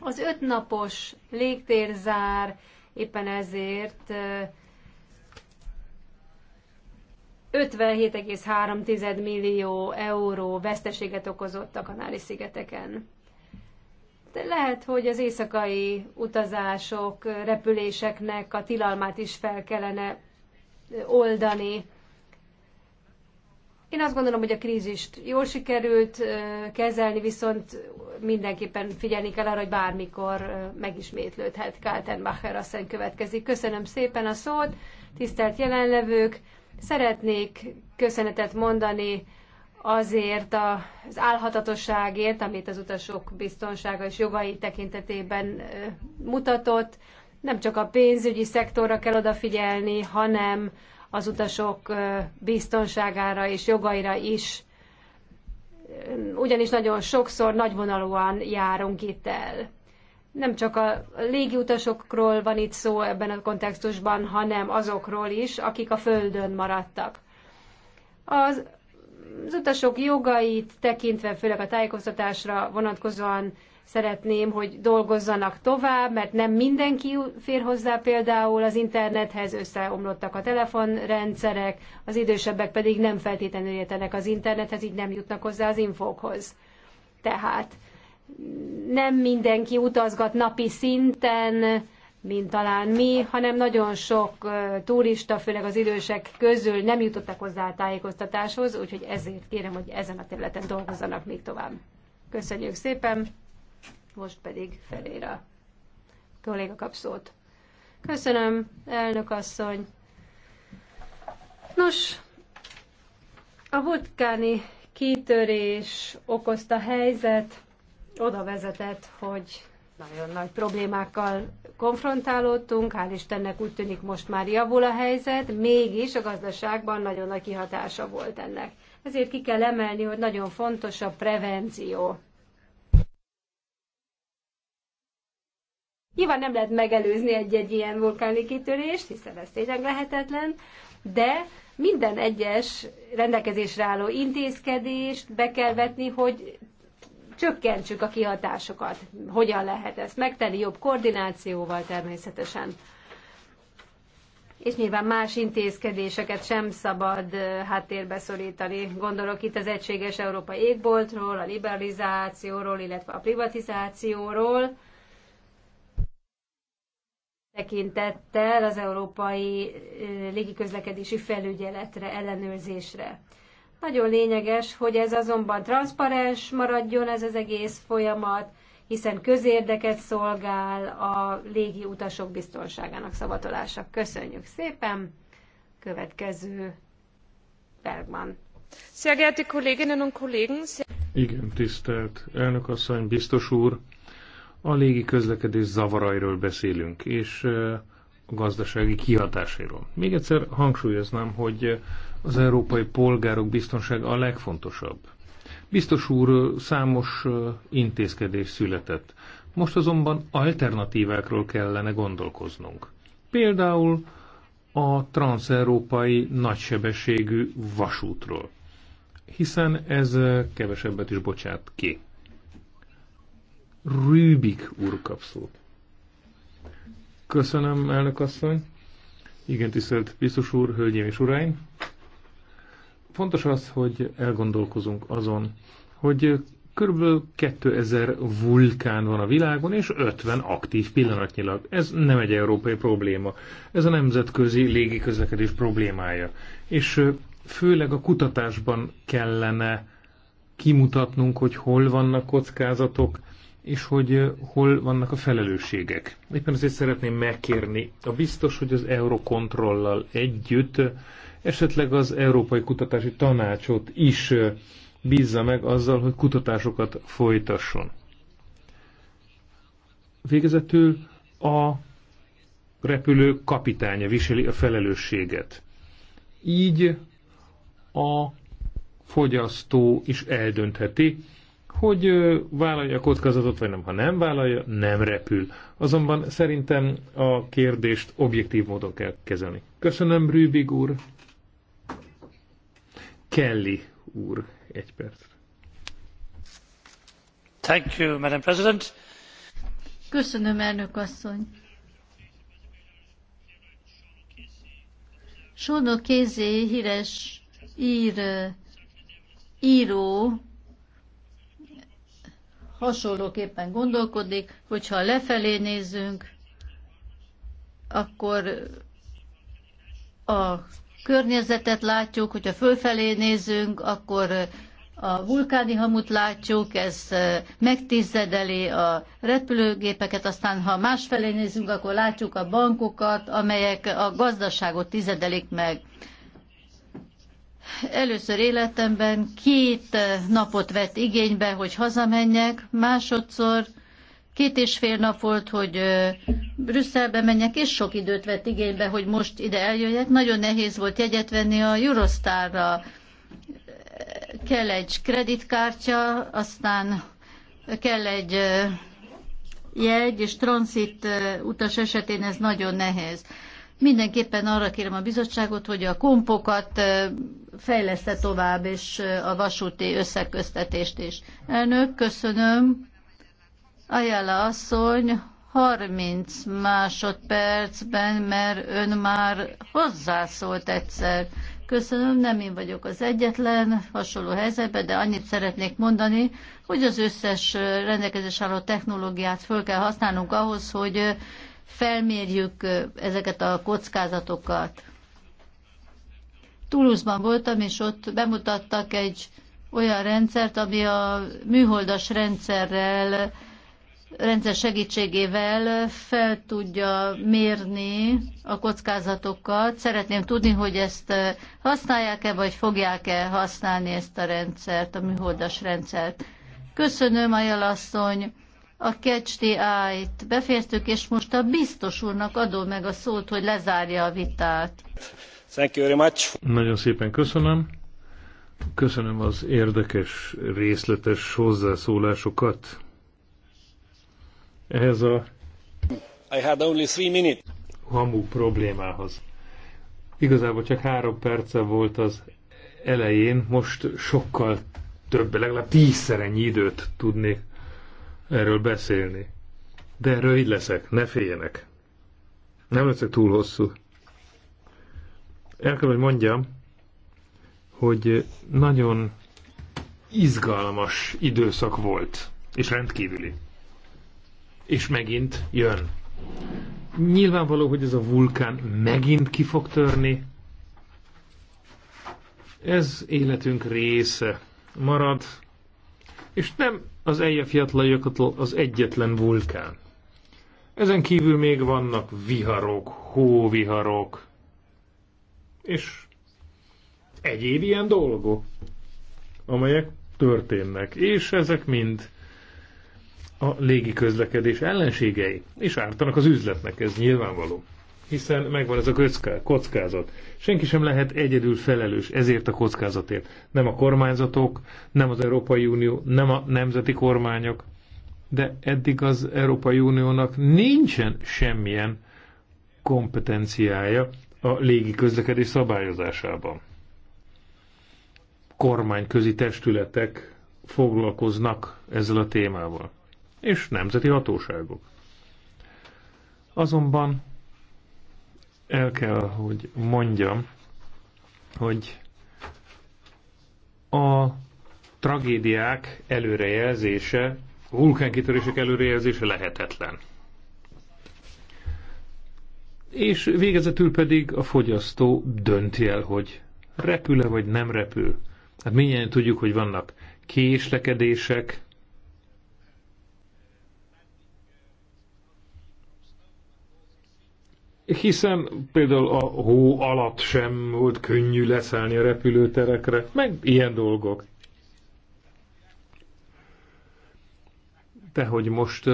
Az ötnapos légtérzár éppen ezért 57,3 millió euró veszteséget okozott a Kanári-szigeteken. Hát lehet, hogy az éjszakai utazások, repüléseknek a tilalmát is fel kellene oldani. Én azt gondolom, hogy a krízist jól sikerült kezelni, viszont mindenképpen figyelni kell arra, hogy bármikor megismétlődhet. Kaltenbacher asszony következik. Köszönöm szépen a szót, tisztelt jelenlevők! Szeretnék köszönetet mondani azért az álhatatosságért, amit az utasok biztonsága és jogai tekintetében mutatott. Nem csak a pénzügyi szektorra kell odafigyelni, hanem az utasok biztonságára és jogaira is. Ugyanis nagyon sokszor nagyvonalúan járunk itt el. Nem csak a utasokról van itt szó ebben a kontextusban, hanem azokról is, akik a földön maradtak. Az az utasok jogait tekintve, főleg a tájékoztatásra vonatkozóan szeretném, hogy dolgozzanak tovább, mert nem mindenki fér hozzá például az internethez, összeomlottak a telefonrendszerek, az idősebbek pedig nem feltétlenül értenek az internethez, így nem jutnak hozzá az infókhoz. Tehát nem mindenki utazgat napi szinten, mint talán mi, hanem nagyon sok turista, főleg az idősek közül nem jutottak hozzá a tájékoztatáshoz, úgyhogy ezért kérem, hogy ezen a területen dolgozzanak még tovább. Köszönjük szépen, most pedig Ferére kolléga kap szót. Köszönöm, elnök asszony. Nos, a vulkáni kitörés okozta helyzet oda vezetett, hogy nagyon nagy problémákkal konfrontálódtunk, hál' Istennek úgy tűnik most már javul a helyzet, mégis a gazdaságban nagyon nagy kihatása volt ennek. Ezért ki kell emelni, hogy nagyon fontos a prevenció. Nyilván nem lehet megelőzni egy-egy ilyen vulkáni kitörést, hiszen ez tényleg lehetetlen, de minden egyes rendelkezésre álló intézkedést be kell vetni, hogy csökkentsük a kihatásokat. Hogyan lehet ezt megtenni? Jobb koordinációval természetesen. És nyilván más intézkedéseket sem szabad háttérbe szorítani. Gondolok itt az egységes európai égboltról, a liberalizációról, illetve a privatizációról tekintettel az európai légiközlekedési felügyeletre, ellenőrzésre. Nagyon lényeges, hogy ez azonban transzparens maradjon ez az egész folyamat, hiszen közérdeket szolgál a légi utasok biztonságának szavatolása. Köszönjük szépen! Következő Bergman. Sehr geehrte Kolleginnen und Kollegen! Igen, tisztelt elnökasszony, biztos úr! A légi közlekedés zavarairól beszélünk, és a eh, gazdasági kihatásairól. Még egyszer hangsúlyoznám, hogy eh, az európai polgárok biztonsága a legfontosabb. Biztos úr, számos intézkedés született. Most azonban alternatívákról kellene gondolkoznunk. Például a transzeurópai nagysebességű vasútról, hiszen ez kevesebbet is bocsát ki. Rübik úr kapszót. Köszönöm, elnök asszony. Igen, tisztelt biztos úr, hölgyeim és uraim. Fontos az, hogy elgondolkozunk azon, hogy körülbelül 2000 vulkán van a világon, és 50 aktív pillanatnyilag. Ez nem egy európai probléma. Ez a nemzetközi légiközlekedés problémája. És főleg a kutatásban kellene kimutatnunk, hogy hol vannak kockázatok, és hogy hol vannak a felelősségek. Éppen ezért szeretném megkérni a biztos, hogy az Eurocontrollal együtt esetleg az Európai Kutatási Tanácsot is bízza meg azzal, hogy kutatásokat folytasson. Végezetül a repülő kapitánya viseli a felelősséget. Így a fogyasztó is eldöntheti, hogy vállalja a kockázatot, vagy nem. Ha nem vállalja, nem repül. Azonban szerintem a kérdést objektív módon kell kezelni. Köszönöm, Rübig úr! Kelly úr, egy perc. Thank you, Madam President. Köszönöm, elnök asszony. Sono Kézé híres ír, író hasonlóképpen gondolkodik, hogyha lefelé nézünk, akkor a környezetet látjuk, hogyha fölfelé nézünk, akkor a vulkáni hamut látjuk, ez megtizedeli a repülőgépeket, aztán ha másfelé nézünk, akkor látjuk a bankokat, amelyek a gazdaságot tizedelik meg. Először életemben két napot vett igénybe, hogy hazamenjek, másodszor Két és fél nap volt, hogy Brüsszelbe menjek, és sok időt vett igénybe, hogy most ide eljöjjek. Nagyon nehéz volt jegyet venni a Eurostarra. Kell egy kreditkártya, aztán kell egy jegy, és transzit utas esetén ez nagyon nehéz. Mindenképpen arra kérem a bizottságot, hogy a kompokat fejleszte tovább, és a vasúti összeköztetést is. Elnök, köszönöm. Ajala asszony 30 másodpercben, mert ön már hozzászólt egyszer. Köszönöm, nem én vagyok az egyetlen hasonló helyzetben, de annyit szeretnék mondani, hogy az összes rendelkezés álló technológiát föl kell használnunk ahhoz, hogy felmérjük ezeket a kockázatokat. Toulouse-ban voltam, és ott bemutattak egy olyan rendszert, ami a műholdas rendszerrel rendszer segítségével fel tudja mérni a kockázatokat. Szeretném tudni, hogy ezt eh, használják-e, vagy fogják-e használni ezt a rendszert, a műholdas rendszert. Köszönöm, Ajel asszony! A Catch the Eye-t befejeztük, és most a biztos úrnak adom meg a szót, hogy lezárja a vitát. Thank you very much. Nagyon szépen köszönöm. Köszönöm az érdekes, részletes hozzászólásokat ehhez a I had only three minutes. hamu problémához. Igazából csak három perce volt az elején, most sokkal több, legalább tízszer ennyi időt tudni erről beszélni. De rövid leszek, ne féljenek. Nem leszek túl hosszú. El kell, hogy mondjam, hogy nagyon izgalmas időszak volt, és rendkívüli és megint jön. Nyilvánvaló, hogy ez a vulkán megint ki fog törni. Ez életünk része marad, és nem az Eja az egyetlen vulkán. Ezen kívül még vannak viharok, hóviharok, és egyéb ilyen dolgok, amelyek történnek, és ezek mind a légi közlekedés ellenségei, és ártanak az üzletnek, ez nyilvánvaló. Hiszen megvan ez a kockázat. Senki sem lehet egyedül felelős ezért a kockázatért. Nem a kormányzatok, nem az Európai Unió, nem a nemzeti kormányok, de eddig az Európai Uniónak nincsen semmilyen kompetenciája a légi közlekedés szabályozásában. Kormányközi testületek foglalkoznak ezzel a témával és nemzeti hatóságok. Azonban el kell, hogy mondjam, hogy a tragédiák előrejelzése, a vulkánkitörések előrejelzése lehetetlen. És végezetül pedig a fogyasztó dönti el, hogy repül-e vagy nem repül. Hát mindjárt tudjuk, hogy vannak késlekedések, hiszen például a hó alatt sem volt könnyű leszállni a repülőterekre, meg ilyen dolgok. De hogy most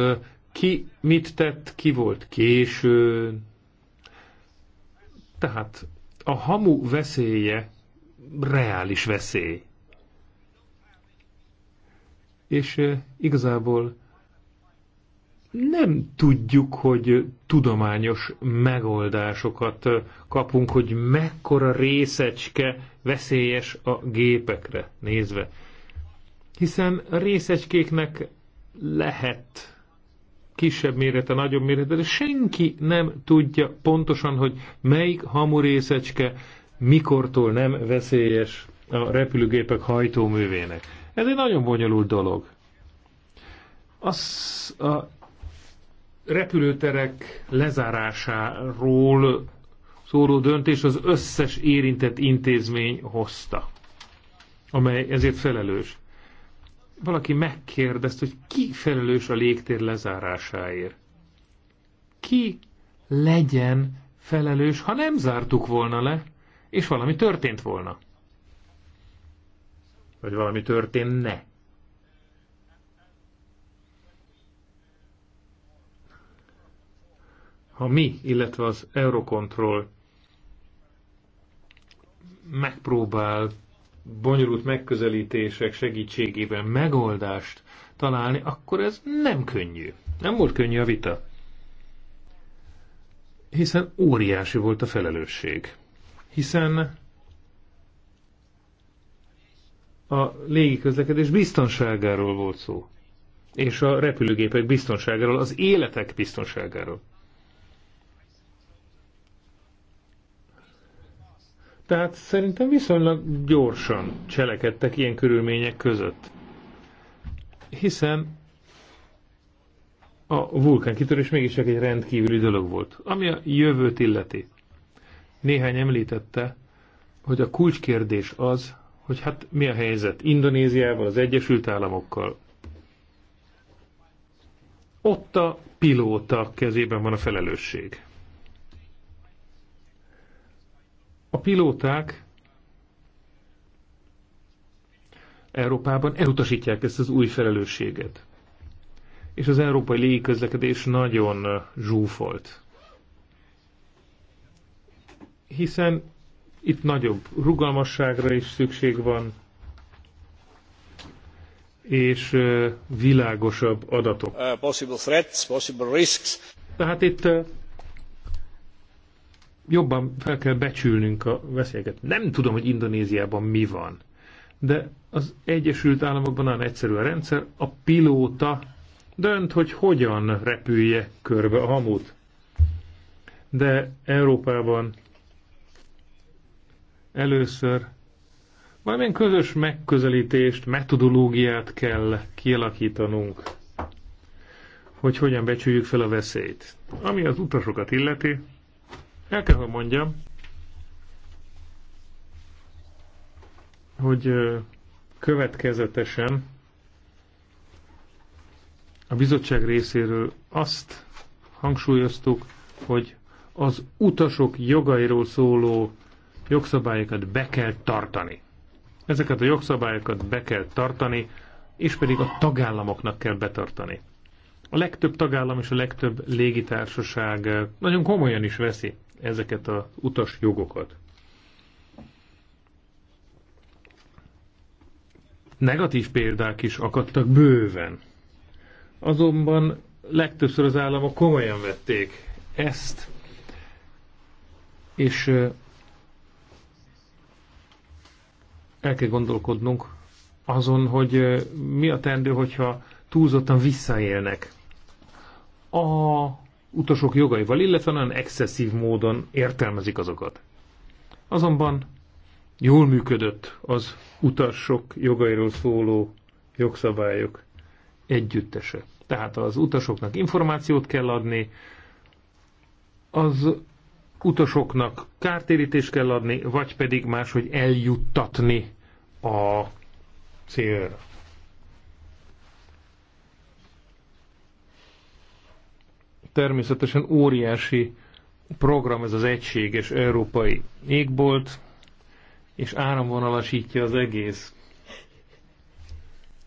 ki mit tett, ki volt késő. Tehát a hamu veszélye reális veszély. És igazából nem tudjuk, hogy tudományos megoldásokat kapunk, hogy mekkora részecske veszélyes a gépekre nézve. Hiszen a részecskéknek lehet kisebb mérete, nagyobb mérete, de senki nem tudja pontosan, hogy melyik részecske mikortól nem veszélyes a repülőgépek hajtóművének. Ez egy nagyon bonyolult dolog. Az a repülőterek lezárásáról szóló döntés az összes érintett intézmény hozta, amely ezért felelős. Valaki megkérdezte, hogy ki felelős a légtér lezárásáért. Ki legyen felelős, ha nem zártuk volna le, és valami történt volna? Vagy valami történne? ha mi, illetve az Eurocontrol megpróbál bonyolult megközelítések segítségével megoldást találni, akkor ez nem könnyű. Nem volt könnyű a vita. Hiszen óriási volt a felelősség. Hiszen a légiközlekedés biztonságáról volt szó. És a repülőgépek biztonságáról, az életek biztonságáról. Tehát szerintem viszonylag gyorsan cselekedtek ilyen körülmények között. Hiszen a vulkán kitörés mégiscsak egy rendkívüli dolog volt, ami a jövőt illeti. Néhány említette, hogy a kulcskérdés az, hogy hát mi a helyzet Indonéziával, az Egyesült Államokkal. Ott a pilóta kezében van a felelősség. A pilóták Európában elutasítják ezt az új felelősséget. És az európai légiközlekedés nagyon zsúfolt. Hiszen itt nagyobb rugalmasságra is szükség van, és világosabb adatok. Uh, possible threats, possible risks. Tehát itt jobban fel kell becsülnünk a veszélyeket. Nem tudom, hogy Indonéziában mi van, de az Egyesült Államokban nagyon egyszerű a rendszer, a pilóta dönt, hogy hogyan repülje körbe a hamut. De Európában először valamilyen közös megközelítést, metodológiát kell kialakítanunk, hogy hogyan becsüljük fel a veszélyt. Ami az utasokat illeti, el kell, hogy mondjam, hogy következetesen a bizottság részéről azt hangsúlyoztuk, hogy az utasok jogairól szóló jogszabályokat be kell tartani. Ezeket a jogszabályokat be kell tartani, és pedig a tagállamoknak kell betartani. A legtöbb tagállam és a legtöbb légitársaság nagyon komolyan is veszi ezeket az utas jogokat. Negatív példák is akadtak bőven. Azonban legtöbbször az államok komolyan vették ezt, és el kell gondolkodnunk azon, hogy mi a tendő, hogyha túlzottan visszaélnek. A utasok jogaival, illetve nagyon excesszív módon értelmezik azokat. Azonban jól működött az utasok jogairól szóló jogszabályok együttese. Tehát az utasoknak információt kell adni, az utasoknak kártérítést kell adni, vagy pedig máshogy eljuttatni a célra. természetesen óriási program ez az egységes európai égbolt, és áramvonalasítja az egész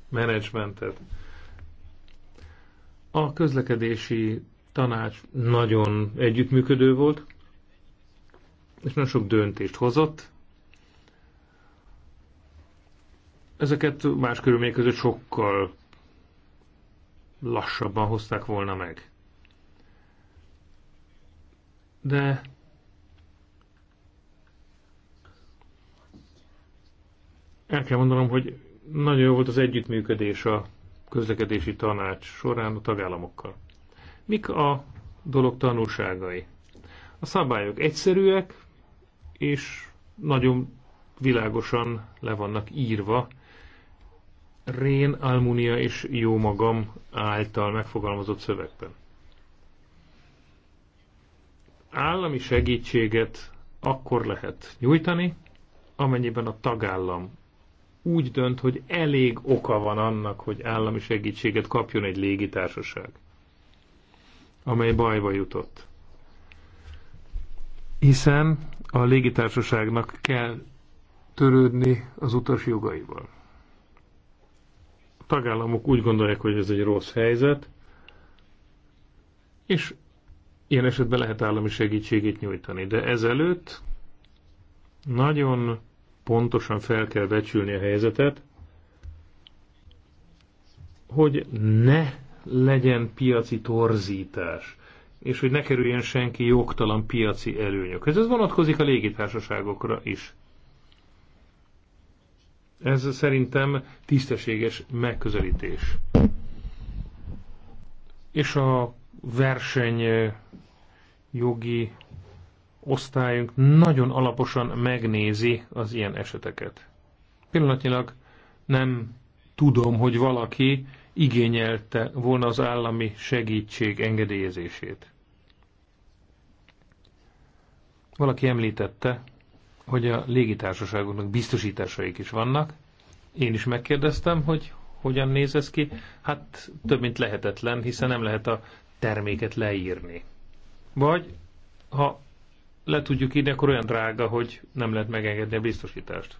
menedzsmentet. A közlekedési tanács nagyon együttműködő volt, és nagyon sok döntést hozott. Ezeket más körülmények között sokkal lassabban hozták volna meg de el kell mondanom, hogy nagyon jó volt az együttműködés a közlekedési tanács során a tagállamokkal. Mik a dolog tanulságai? A szabályok egyszerűek, és nagyon világosan le vannak írva, Rén, Almunia és jó magam által megfogalmazott szövegben állami segítséget akkor lehet nyújtani, amennyiben a tagállam úgy dönt, hogy elég oka van annak, hogy állami segítséget kapjon egy légitársaság, amely bajba jutott. Hiszen a légitársaságnak kell törődni az utas jogaival. A tagállamok úgy gondolják, hogy ez egy rossz helyzet, és Ilyen esetben lehet állami segítségét nyújtani, de ezelőtt nagyon pontosan fel kell becsülni a helyzetet, hogy ne legyen piaci torzítás, és hogy ne kerüljen senki jogtalan piaci előnyök. Ez vonatkozik a légitársaságokra is. Ez szerintem tisztességes megközelítés. És a verseny jogi osztályunk nagyon alaposan megnézi az ilyen eseteket. Pillanatnyilag nem tudom, hogy valaki igényelte volna az állami segítség engedélyezését. Valaki említette, hogy a légitársaságoknak biztosításaik is vannak. Én is megkérdeztem, hogy hogyan néz ez ki. Hát több mint lehetetlen, hiszen nem lehet a terméket leírni. Vagy ha le tudjuk írni, akkor olyan drága, hogy nem lehet megengedni a biztosítást.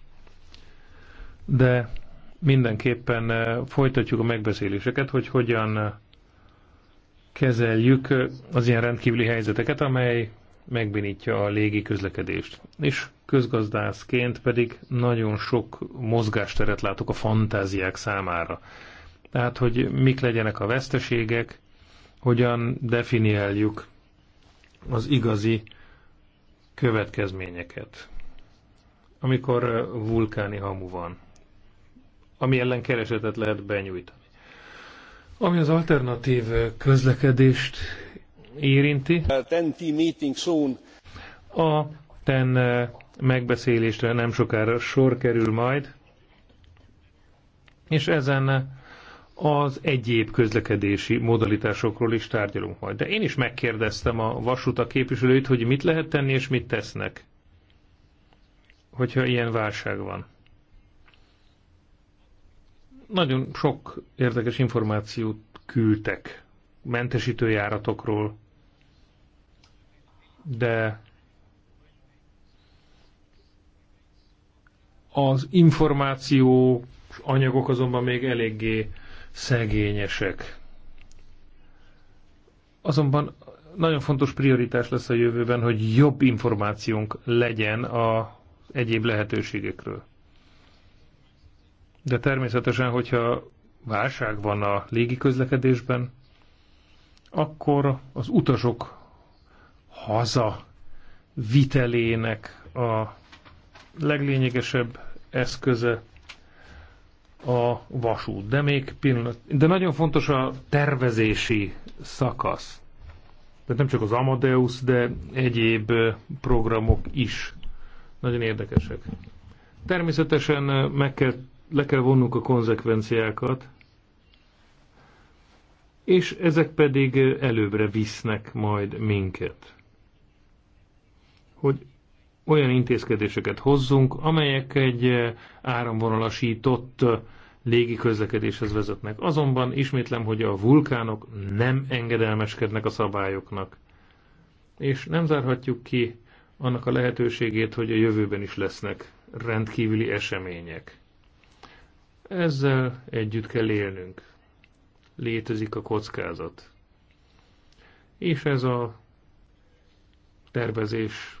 De mindenképpen eh, folytatjuk a megbeszéléseket, hogy hogyan eh, kezeljük eh, az ilyen rendkívüli helyzeteket, amely megbinítja a légi közlekedést. És közgazdászként pedig nagyon sok mozgásteret látok a fantáziák számára. Tehát, hogy mik legyenek a veszteségek, hogyan definiáljuk az igazi következményeket. Amikor vulkáni hamu van, ami ellen keresetet lehet benyújtani. Ami az alternatív közlekedést érinti. A ten megbeszélésre nem sokára sor kerül majd, és ezen az egyéb közlekedési modalitásokról is tárgyalunk majd. De én is megkérdeztem a vasúta képviselőit, hogy mit lehet tenni és mit tesznek, hogyha ilyen válság van. Nagyon sok érdekes információt küldtek mentesítő járatokról, de az információ anyagok azonban még eléggé szegényesek. Azonban nagyon fontos prioritás lesz a jövőben, hogy jobb információnk legyen a egyéb lehetőségekről. De természetesen, hogyha válság van a légiközlekedésben, akkor az utasok haza vitelének a leglényegesebb eszköze a vasút, de még pillanat. De nagyon fontos a tervezési szakasz. Tehát nem csak az Amadeus, de egyéb programok is. Nagyon érdekesek. Természetesen meg kell, le kell vonnunk a konzekvenciákat, és ezek pedig előbbre visznek majd minket. Hogy olyan intézkedéseket hozzunk, amelyek egy eh, áramvonalasított eh, légi közlekedéshez vezetnek. Azonban ismétlem, hogy a vulkánok nem engedelmeskednek a szabályoknak. És nem zárhatjuk ki annak a lehetőségét, hogy a jövőben is lesznek rendkívüli események. Ezzel együtt kell élnünk. Létezik a kockázat. És ez a tervezés